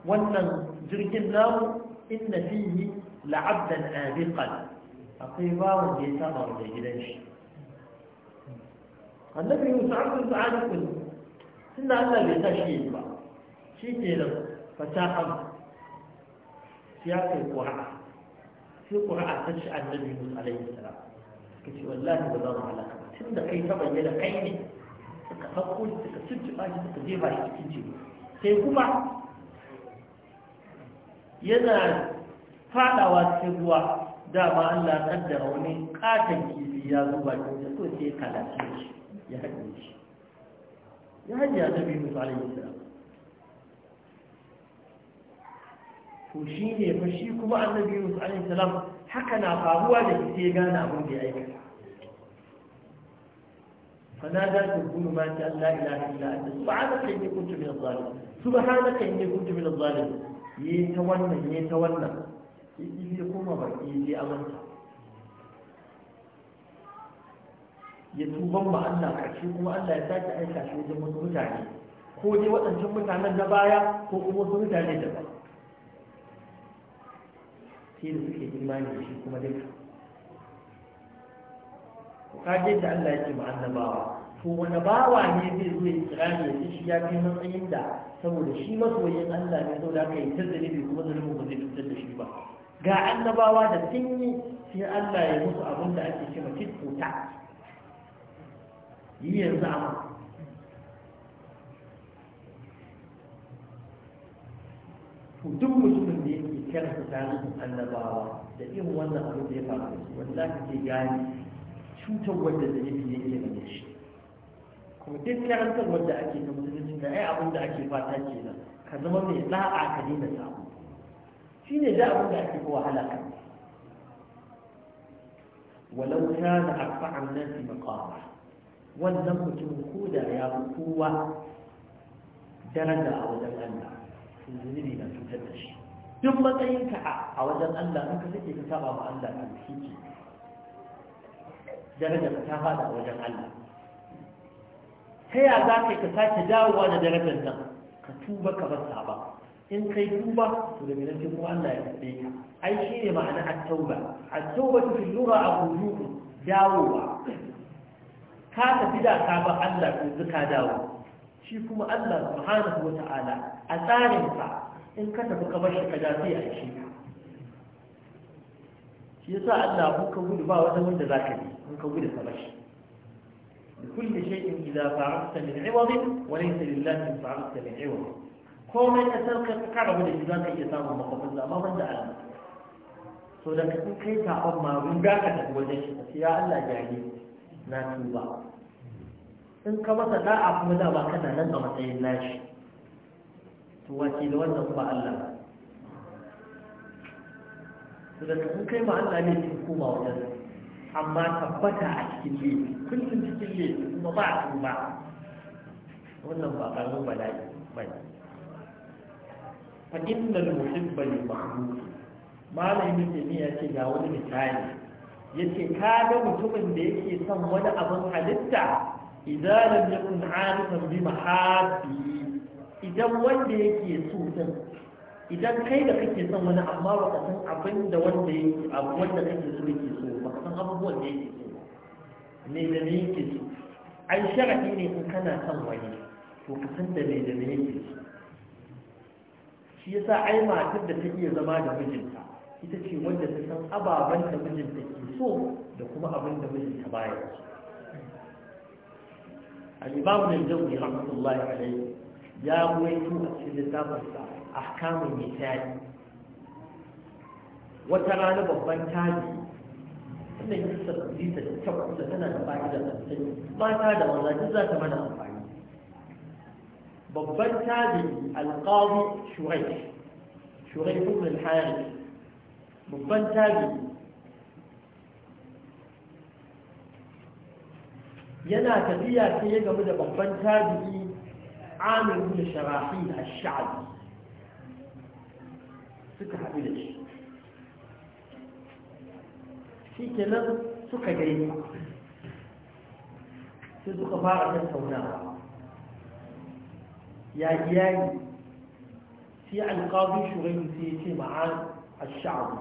wannan jirgin namu inna fihi la'abdan abiqan akwai bawon da ya saba wa gidan shi annabi musa abdul ta'alikun tunda Allah bai sa shi yi ba shi ke nan fasaham siyasar ƙura'a sai ƙura'a ta ci annabi musu alaihi salam suka ce wallahi ba za mu halaka ba tun da kai ta bayyana kai ne suka ɗauko shi suka tuntuɓa shi suka jefa shi cikin ce sai kuma yana faɗawa cikin ruwa dama Allah kaddara wani ƙaton kifi ya zuba cikin ko sai ya kalace shi ya haɗe shi ya haɗe annabi musu alaihi salam ko shi ne ba shi kuma annabi yusuf alayhi salam haka na faruwa da ke gane abin da ya yi fana da ku kuma ma ta Allah ila ila subhanaka inni kuntu min zalim subhanaka inni kuntu min zalim yi ta wannan ya yi ta wannan ya yi ne kuma ba yi ne amanta ya tuban ba Allah shi kuma Allah ya sake aika shi wajen wasu mutane ko dai waɗancan mutanen na baya ko kuma wasu mutane daban sai da suke imani da shi kuma duka kaje da Allah yake mu annabawa to wani bawa ne zai zo ya kira ne ya shi ya kai matsayin da saboda shi masoyin Allah ne saboda haka ya tazzalibi kuma zalimin ba zai cutar da shi ba ga annabawa da sun yi sai Allah ya musu abin da ake cewa fitfuta yi yanzu amma to duk mutumin da ya karanta tarihin annabawa da yin wannan abin da ya faru da su wanda za ka ke gane cutar wanda da yake ke da shi kuma duk karantar wanda ake ta musulunci da ai abin da ake fata ke kenan ka zama mai da'a ka daina samu shi ne da abin da ake kowa halaka walau kana akfa'an nan fi maqama wannan mutum ko da ya fi kowa daraja a wajen Allah zunubi na cutar da shi duk matsayinka a wajen Allah in ka sake ka saba ma Allah ka shi ke darajar ka ta fada a wajen Allah ta ya za ka ka sake dawowa da darajar nan ka tuba ka bar saba in kai tuba to da gidan kuma Allah ya kaɗe ka ai shi ne ma'ana at-tauba at-tauba fi lura a wujuhu dawowa ka tafi da ka ba Allah ko zuka dawo shi kuma Allah subhanahu wa ta'ala a tsarinsa in ka tafi kamar shi ka dace a shi shi yasa Allah ku ka gudu ba wata wanda za ka yi in ka gudu kamar shi لكل شيء إذا فعلت من عوض وليس لله فعلت من عوض komai ka sarka ka kara wani da zaka iya samun makafin amma da Allah so da ka kai sabon amma mun ga ka tafi wajen shi sai ya Allah jari na tuba in ka masa da'a kuma da ba kana nan a matsayin nashi to wace da wannan ba Allah to da kun kai ma Allah ne ki koma wajen amma tabbata a cikin laifi kullum cikin laifi kuma ba a tuba wannan ba karamin bala'i bane fa innal muhibba lil mahmud malamin ne ya ce ga wani misali yace ka ga mutumin da yake son wani abin halitta idan lam yakun arifan bi mahabbi idan wanda yake so din idan kai da kake son wani amma ba ka san abin da wanda yake abu wanda kake so yake so ba ka san abubuwan da yake so me da ne yake so An sharadi ne in kana son wani to ka san da me da ne yake so shi yasa ai matar da ta iya zama da mijinta ita ce wanda ta san ababen da mijinta ke so da kuma abin da mijinta baya so al-imam al-jawzi rahmatullahi alayhi ya ruwaito a cikin littafinsa ahkamun misali wata rana babban tabi wannan da ta kusa tana da fa'ida sosai mata da maza duk za ta mana amfani babban tabi alqadi shurai shurai kuma al babban tabi yana tafiya sai ya gamu da babban tabi'i عامل من شراحين الشعب سكح بلش في كلام سكة جريمة في سكة بارة جنسونا يا إياني في القاضي شغل في مع الشعب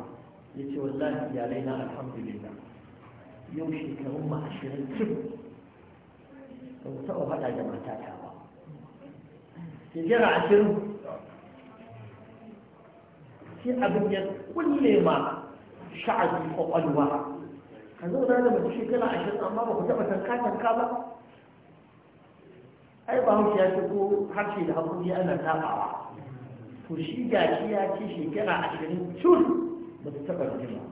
يتي والله يا لينا الحمد لله يمشي كهم عشرين كبر وسأو هذا جمعتاتها shekara ashirin shi abin ya kulle ma sha'abi kwakwalwa ka zo da mace shekara ashirin amma ba ku taɓa tanka tanka ba ai ba hausa ya ce ko harshe da hakuri ana tabawa to shi gashi ya ce shekara ashirin cun ba su taɓa jima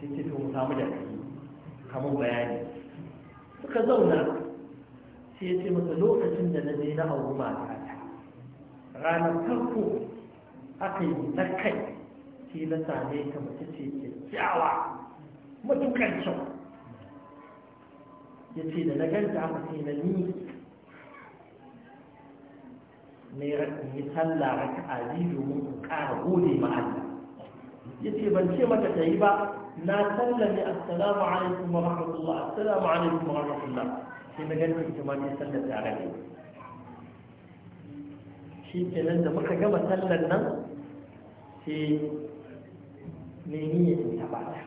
sai ce to mu samu da kai kamar bayani suka zauna sai ce masa lokacin da na je na auri ta, ranar farko aka yi na kai sai na same ta mace ce kyakkyawa matukar kyau ya ce da na ganta aka sai na ni ya sallah raka aji domin ku ƙara gode ma Allah ya ce ban ce mata ta yi ba na sallame assalamu alaikum wa rahmatullah assalamu alaikum wa rahmatullah sai na ganin ita ma ta sallar da da shi ke nan da muka gama sallar nan sai ne ni ya ta bata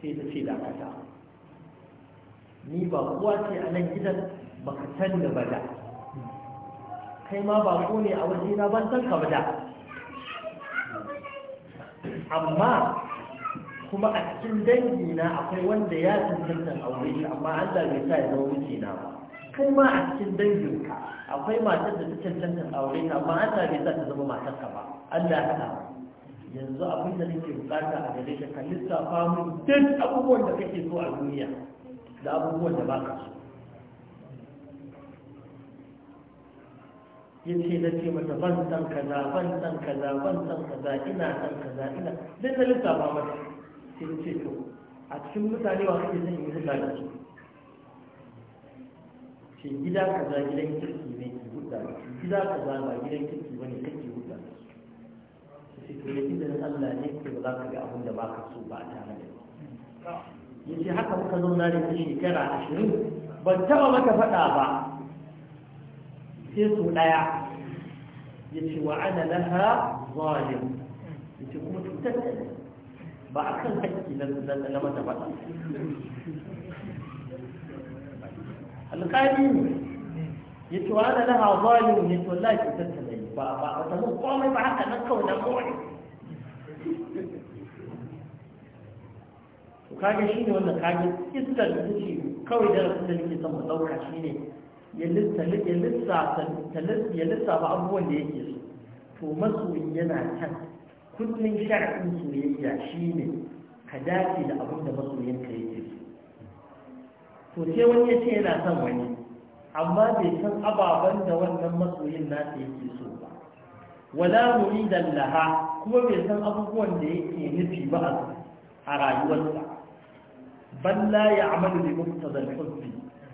sai ta ce da mata ni ba kuwa ce a nan gidan ba canza ba da bada kai ma ba ko ne a waje na ban san ka bada amma kuma a cikin dangi na akwai wanda ya tantance aure shi amma Allah bai sa ya zama miji na ba Kuma a cikin danginka akwai matar da ta tantance aure shi, amma Allah bai sa ta zama ka ba Allah ya haɗa yanzu abin da nake bukata a gare ka lissafa mun duk abubuwan da kake so a duniya da abubuwan da baka so yace na ce mata ban san kaza ban san kaza ban san kaza ina san kaza ina duk na lissafa mata sai ce to a cikin mutane wa kake son yin hulɗa da su ce gida kaza gidan kirki ne ke hulɗa da su gida kaza ba gidan kirki ba ne kake hulɗa da su sai to ya izinin Allah ne ke ba za ka ga abin da ba ka so ba a tare da ya ce haka muka zauna da shekara ashirin ban taɓa maka faɗa ba sai su ɗaya ya ce wa ana laha zalim ya ce kuma cutar da ne ba a kan haƙƙi na mata ba alƙali ne ya ce wani laha zalim ne wa laifin tattala yi ba ba a ta komai ba haka na kawai na kawai to kage shi ne wanda kage iskar da take kawai da rasu da nake son mu ɗauka shi ne ya lissafa abubuwan da yake so to masoyi yana can kullum sha'in soyayya shi ne ka dace da abin da masoyinka yake so to wani ya ce yana son wani amma bai san ababen da wannan masoyin nasa yake so ba wala da laha kuma bai san abubuwan da yake nufi ba a rayuwarsa balla ya amalu da mutu da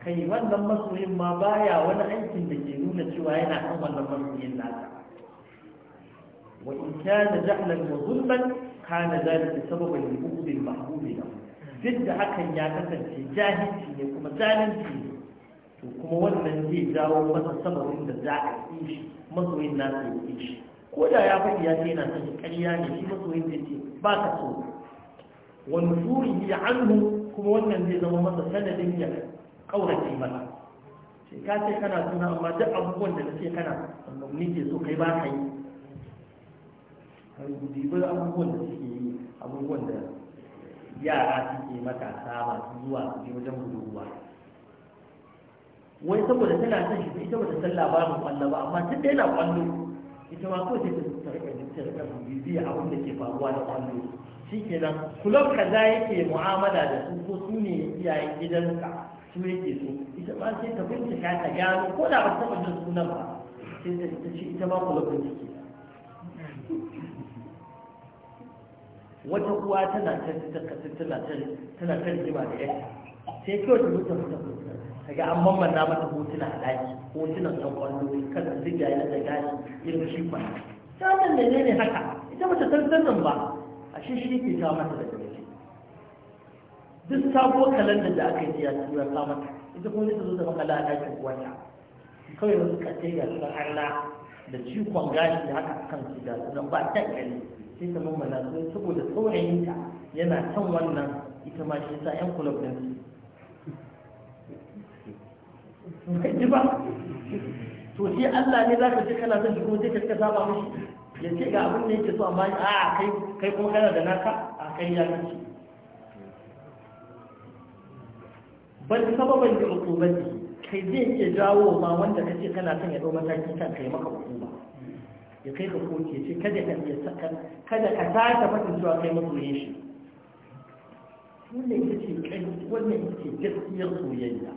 kai wannan masoyin ma baya wani aikin da ke nuna cewa yana kan wannan masoyin nasa وإن كان جهلا وظلما كان ذلك سببا لبغض المحبوب له جد حقا يا كسر في جاهل في يكون في وكما وانا نجي جاو مدى السبب عند الزاعر ايش مدوى الناس ايش كل يا ابو يا سينا كلياني في مدوى الناس ما تقول ونفوره عنه كما وانا نجي جاو مدى سند هي قولة المدى شكاتي خنا سنة ما جاء ابو وانا نسي خنا انه نجي سوقي باحي dubi abubuwan da suke yi abubuwan da yara suke matasa masu zuwa su je wajen budurwa wai saboda tana son shi ita bata san labarin kwallo ba amma tun da yana kwallo ita ma kawai sai ta rika bibiya abin da ke faruwa da kwallo shi nan, kulob kaza yake mu'amala da su ko su ne iyayen gidansa su yake so ita ma sai ta bincika ta gano ko da ba ta taɓa jin sunan ba sai ta ce ita ma kulob da take wata uwa tana ta tana tana rigima da yanta sai kawai ta mutu mutu mutu ga an mammanna mata hotuna a ɗaki hotunan ɗan ƙwallo kan da ziga yana da gashi irin shi ba sanan da ne haka ita bata san sannan ba a shi shi ke kawo mata da gaske duk sabuwar kalandar da aka yi ya tura kawo mata ita kuma ta zo da makala a ɗakin uwata kawai wasu kace ga sunan Allah da cikon gashi da haka kan su da sunan ba ta gani sai ta mummuna su saboda saurayinta yana son wannan ita ma shi sa yan kulob din su kai ji ba to shi Allah ne zaka ji kana son shi kuma sai ka saba mishi ya ce ga abin da yake so amma a kai kai kuma kana da naka a kai ya kace bal sababan da ukubati kai zai iya jawo ma wanda kace kana son ya dau mataki kan kai maka ba. ya kai ka koke ce kada ka iya sakan kada ka taka mata zuwa kai masoyin shi wannan ita ce kai wannan ita ce gaskiyar soyayya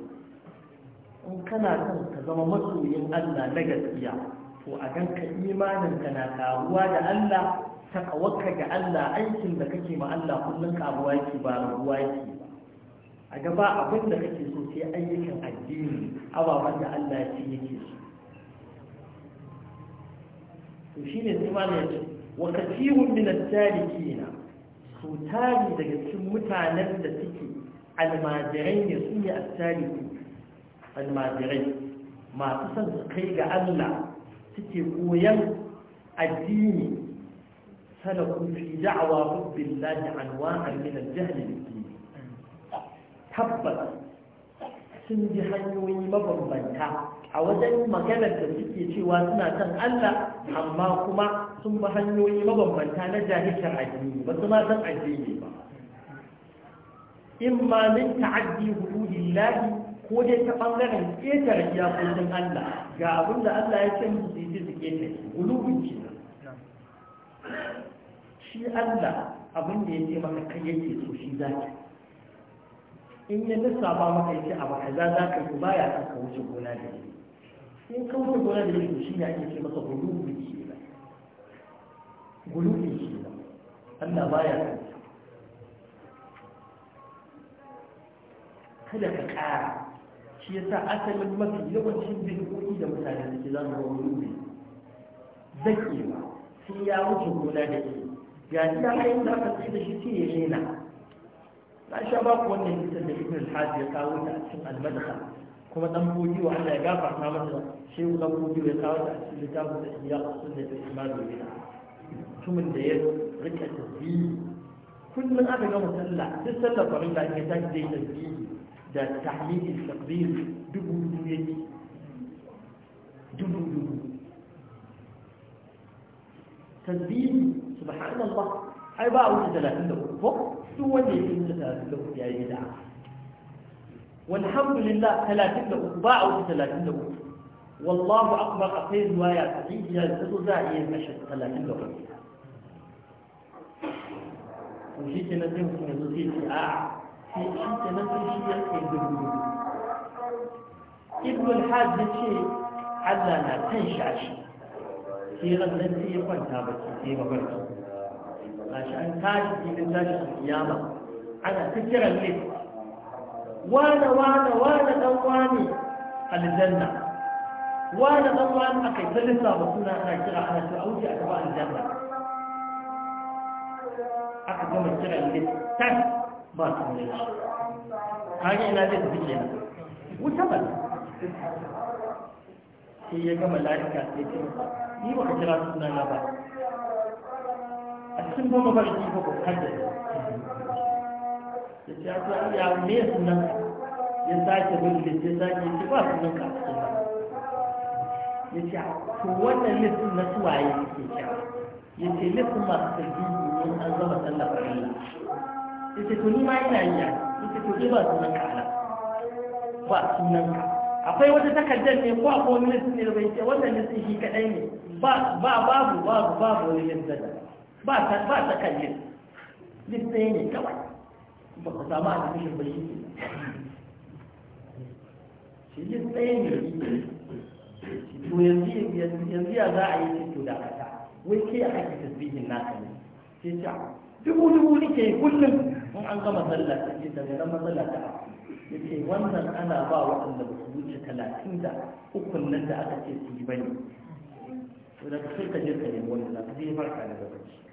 in kana son ka zama masoyin Allah na gaskiya to a gan ka imanin ka na karuwa da Allah takawakka ga Allah aikin da kake ma Allah kullum karuwa yake ba rabuwa yake ba a gaba abin da kake so sai ayyukan addini ababen da Allah ya ce yake so to shi ne zama ne ce wa kasirun min ke na. to tari daga cikin mutanen da suke almajirai ne su ne at-taliku almajirai masu son su kai ga Allah suke koyan addini سلكوا في دعوى رب الله عنواعا من الجهل بالدين sun ji hanyoyi mabambanta a wajen maganar da suke cewa suna san Allah amma kuma sun bi hanyoyi mabambanta na jahilcin addini ba su ma san addini ba in ma min ta'addi hududillahi ko dai ta bangaren ƙetare iyakokin Allah ga abin da Allah ya ce musu yi su ƙetare gulubin ce shi Allah abin da ya ce maka kai yake so shi zaki in ya lissafa maka yake abu kaza za ka yi baya ka wuce gona da shi يكون هذا اللي يشيل عن كلمة قلوب الشيلة قلوب الشيلة أما ضايع هذا كعاء شيء ساعة من ما في لو تشيل به قوي لما تعالى الإسلام قلوب ذكيه في عوجه ولا ذكي يعني لا حين لا تصير شيء هنا نعم. لا شباب وني مثل ابن الحاج يقاوي تأثم المدخل kuma dan boji wa Allah ya gafarta masa shehu dan boji ya kawo cikin littafin da iya sunna da imanu bina mutumin da ya rika tasbihi kullum aka gama sallah duk sallar farilla in ya tashi zai tasbihi da tahmidi takbir dubu dubu yake dubu dubu tasbihi subhanallah ai ba wuce 34 ko duk wanda ya yi 34 ya yi da'a والحمد لله ثلاثين لأوك باعوا ثلاثين لأوك والله أكبر أقيد ويا سعيد يا الغزاء يمشي ثلاثين لأوك وشيت نزيم في نزيم في آع في شيت نزيم شيء يدبر ابن الحاج شيء علنا تنشعش في غدا في قنتا بس في مبرد عشان تاج في نتاج القيامة أنا تكرر ليه wane wane wane dan wane aljanna wane dan wane aka yi ta lissafa suna ana kira ana a auki a gaba aljanna aka gama kira ne tas ba su ne hanyar ina zai tafi kenan wuta ba sai ya gama lafiya sai ce ni ba ka kira suna na ba a cikin goma ba da ko haddasa ya ce ya ce ya me sunan ya sake bin list ya sake ce ba sunan ka cikin ya ce to wannan list na suwaye suke cewa ya ce list masu tafiyi ne an zama sallah farilla ya ce to ni ma ina yi ya ce to ni ba sunan ka ala ba sunan ka akwai wata takardar ne ko akwai wani list ne da bai ce wannan list shi kadai ne ba babu babu babu wani list da ba ta ba ta kan list list ne kawai ba ka samu admission ba shi shi ji tsaye ne to yanzu ya za a yi to da kasa wai ke a kake tasbihin naka ne sai ce dubu dubu ke kullum in an gama sallah ta ce daga nan matsala ta ya ce wannan ana ba waɗanda ba su wuce talatin da ukun nan da aka ce su yi ne. to da ka sai ka je ka nemi wanda za ka je farka daga bacci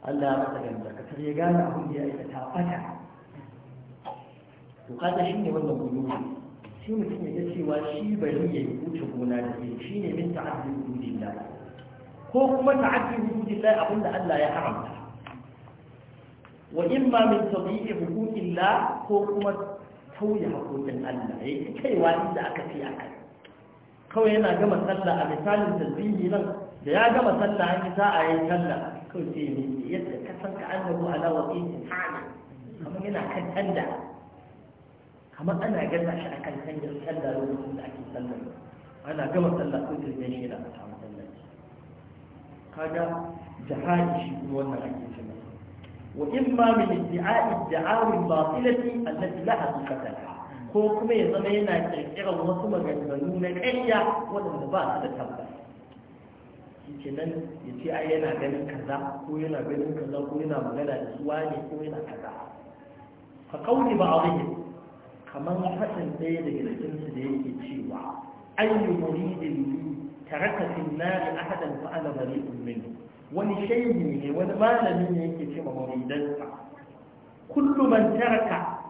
Allah ya masa dangantakar ya gane abin da ya aikata fata. to kaga shi ne wannan gudu shi mutum ya cewa shi bari ya yi wuce gona da shi shi ne min ta'addi hududillah ko kuma ta'addi hududillah abin da Allah ya haramta wa imma min tabi'i hududillah ko kuma tauye hakokin Allah ya yi kaiwa inda aka fi a kawai yana gama sallah a misalin tasbihi nan da ya gama sallah an yi za a yi sallah kawai sai ne yadda ka san ka annabu ala wasiyin ta'ala kamar yana kan tanda kamar ana gaza shi a kan tanda tanda lokacin da ake sallar ana gama sallar, ko kirje shi yana ta masallaci kaga jihadi shi kuma wannan ake cewa wa imma min idda'i idda'i batilati allati laha tukatala ko kuma ya zama yana kirkirar wasu maganganu na ƙarya waɗanda ba su da tabbas shi ya ce ai yana ganin kaza ko yana ganin kaza ko yana magana da suwa ne ko yana kaza ka kauli ba a kamar faɗin ɗaya daga cikin su da yake cewa ayyu muridin li taraka fil nari ahadan fa ana bari'un minhu wani shehi ne wani malami ne yake ce ma muridansa kullu man taraka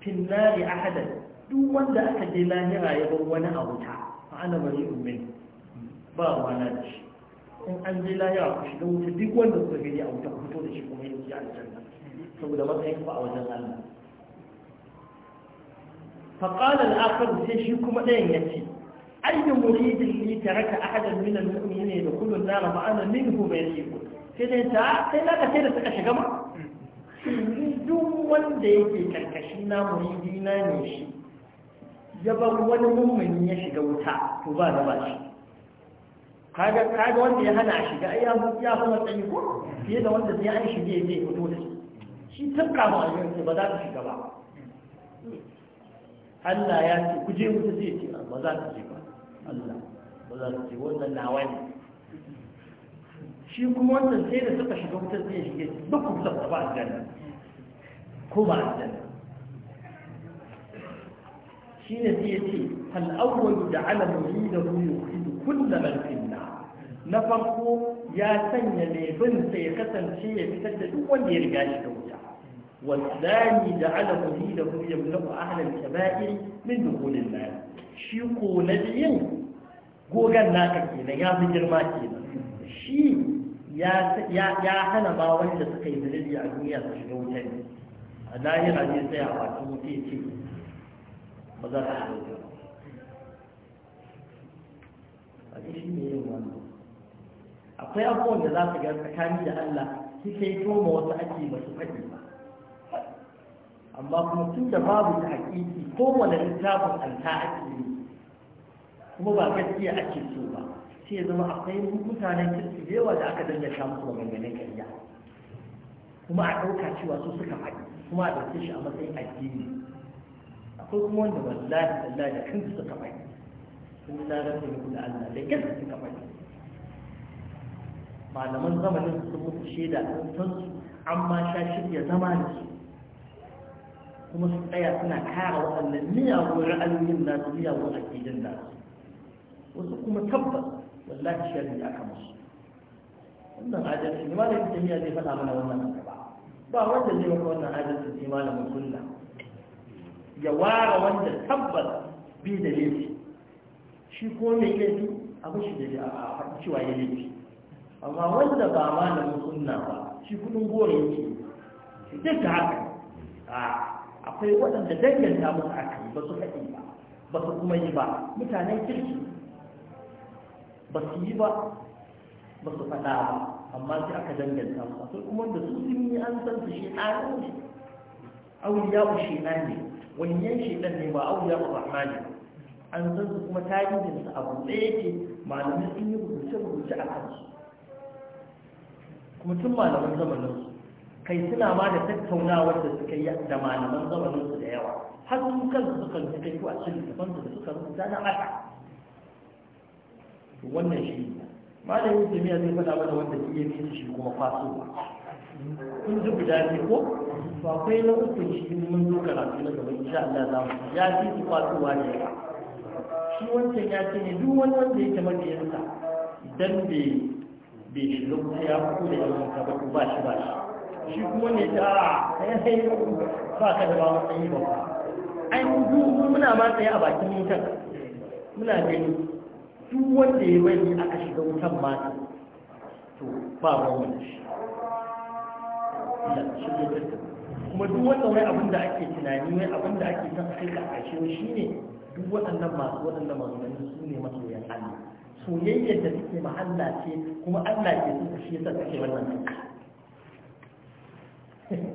fil nari ahadan duk wanda aka je lahira ya bar wani a wuta fa ana bari'un minhu ba wani da shi in an je lahira ku shiga wuta duk wanda suka gani a wuta ku fito da shi kuma ya wuce aljanna saboda matsayin ku a wajen Allah فقال الآخر سيشيكم أين يتي أي مريد اللي ترك أحدا من المؤمنين يدخل النار معنا منه مريد كده انت لا كده تكشي جمع duk wanda yake karkashin na muridina ne shi ya bar wani mummuni ya shiga wuta to ba da ba shi kaga kaga wanda ya hana shiga ai ya ya fi matsayi ko fiye da wanda sai an shige zai fito da shi shi tabka ma aljanna ba za ta shiga ba Allah ya ce ku je wuta zai ce ba za ta je ba Allah ba za ta je wannan nawa ne shi kuma wannan sai da suka shiga wuta zai shige duk ku sabta ba aljanna ko ba aljanna shi ne sai ya ce fal awwal ja'ala muridahu yukhridu kull man fil na farko ya sanya lebin sa ya kasance ya fitar da duk wanda ya riga shi da wuta والثاني جعله دينه يملك أهل الكبائر من دخول na shi ko na biyun gogan naka kenan ya fi girma kenan shi ya hana ma wanda suka yi zunubi a duniya su shiga wuta ne a lahira ne sai a wata wuta ya ce ba za ta shiga wuta a shi ne yin wannan akwai abubuwan da za su ga tsakani da Allah shi sai toma wasu ake ba su faɗi ba amma kuma tun da babu ta haƙiƙi da littafin alta ake yi kuma ba gaskiya ake so ba sai zama akwai mutanen kirki da yawa da aka danganta musu maganganun ƙarya kuma a ɗauka cewa su suka faɗi kuma a ɗauke shi a matsayin addini akwai kuma wanda wallahi tallahi da kansu suka faɗi sun larar da muku da Allah da kansu suka faɗi malaman zamanin sun mutu shaida sun san su amma sha shirya zama da su kuma su tsaya suna kara waɗannan miyagun ra'ayoyin na su miyagun aƙidin da su wasu kuma tabbas wallahi shari'a aka musu wannan adalci ne malamin jami'a zai faɗa mana wannan gaba ba wanda zai maka wannan adalci ne malamin sunna ya ware wanda tabbas bi da laifi shi ko mai laifi abin shi da a cewa ya laifi amma wanda ba malamin sunna ba shi kudin goro yake duk da haka akwai waɗanda danganta musu aka ba su haɗi ba ba su kuma yi ba mutanen kirki ba su yi ba ba su faɗa ba amma sai aka danganta musu akwai kuma da su sun yi an san su shi ɗaro ne auliya ku shi ɗan ne yan shi ɗan ne ba auliya ku rahmani an san su kuma tarihin su abu ɗaya ke malamin sun yi rubuce-rubuce a kansu kuma tun malaman zamanin su kai suna ma da tattaunawar da suka yi da malaman zamanin su da yawa har su kansu suka yi kai ko a cikin littafin da suka rubuta na aka wannan shi ne malamin jami'a zai faɗa mana wanda ke yi shi kuma fasowa kun ji guda ne ko to akwai na uku shi mun zo karatu na gaba insha Allah za mu ya ji su fasowa ne shi wancan ya ce ne duk wani wanda yake mabiyansa idan bai bai shi lokaci ya fito da yawan ka ba ko ba shi ba shi shi kuma ne ta sai ba ka da ba matsayi ba an dubu muna ma tsaye a bakin wutan muna gani duk wanda ya bari aka shiga wutan mata to ba wani shi shi ne tattaba kuma duk wanda wai abin da ake tunani wai abin da ake son kai karkashin shi ne duk waɗannan masu waɗannan masu su ne masoyan Allah soyayyar da suke ma Allah ce kuma Allah ke so shi yasa suke wannan aiki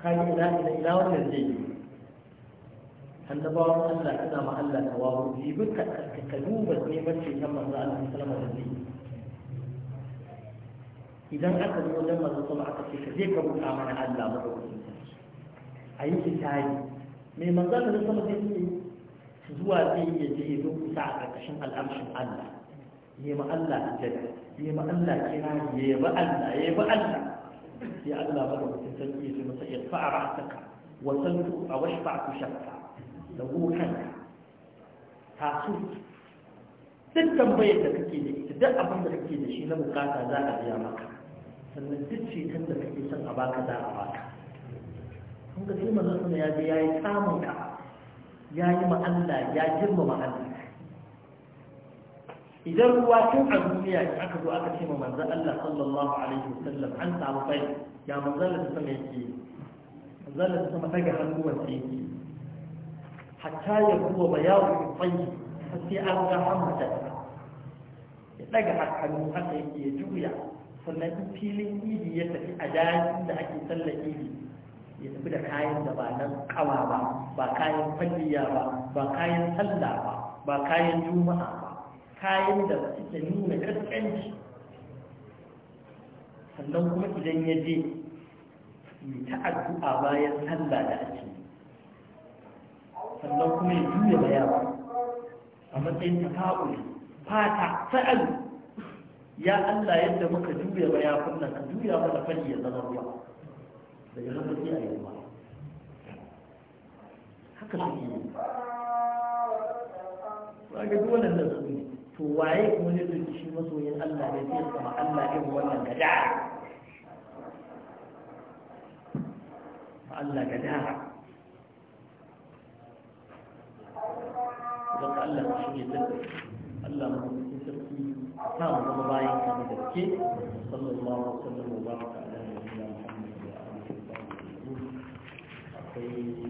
kaji ina ina ina wannan zai yi annabawan Allah suna ma Allah tawahu bi duka ka duba neman ceton manzo Allah sallallahu alaihi wasallam idan aka zo wajen manzo sama aka ce ka je ka roƙa mana Allah madaukakin sarki ayi kitabi me manzo Allah sallallahu alaihi wasallam zuwa zai iya je ya kusa a ƙarƙashin al'amshin Allah nema Allah jada nema Allah kirari ya yabi Allah ya yabi Allah sai Allah ba da mutum sarki ya ce masa irfa a ra'ataka wa sanku a washfa ku shakka da kanka tasu duk tambayar da kake da ita duk abin da kake da shi na bukata za a biya maka sannan duk ceton da kake son a baka za a baka kun ga sai suna ya je yayi samun ka ya yi ma'alla ya girma ma'alla idan ruwa tun a duniya in aka zo aka ce ma manzo Allah sallallahu alaihi wasallam an samu bai ya manzo Allah sama yake manzo Allah sama daga hannuwan sa yake hatta ya kuwa bayawu fanyi sai an ga hamata ya daga hannu haka yake ya juya sannan filin idi ya tafi a dajin da ake sallar idi ya tafi da kayan da ba na kawa ba ba kayan kwalliya ba ba kayan sallah ba ba kayan juma'a ba kayan da suke nuna kaskanci sannan kuma idan ya je yi ta addu'a bayan sallah da ake sannan kuma ya juya ba a matsayin tafa'uli fata sa'alu ya Allah yadda muka juya bayakunan ka juya mana fali ya zama ruwa daga nan sai a yi ruwa haka suke yi ba ga duk wannan nan su ne to waye kuma ne da shi masoyin Allah ne sai kuma Allah irin wannan gada Allah gada Zaka Allah shi ne zai Allah mu sarki ta mu zama bayan ka da gaske sallallahu alaihi wa sallam wa baraka akwai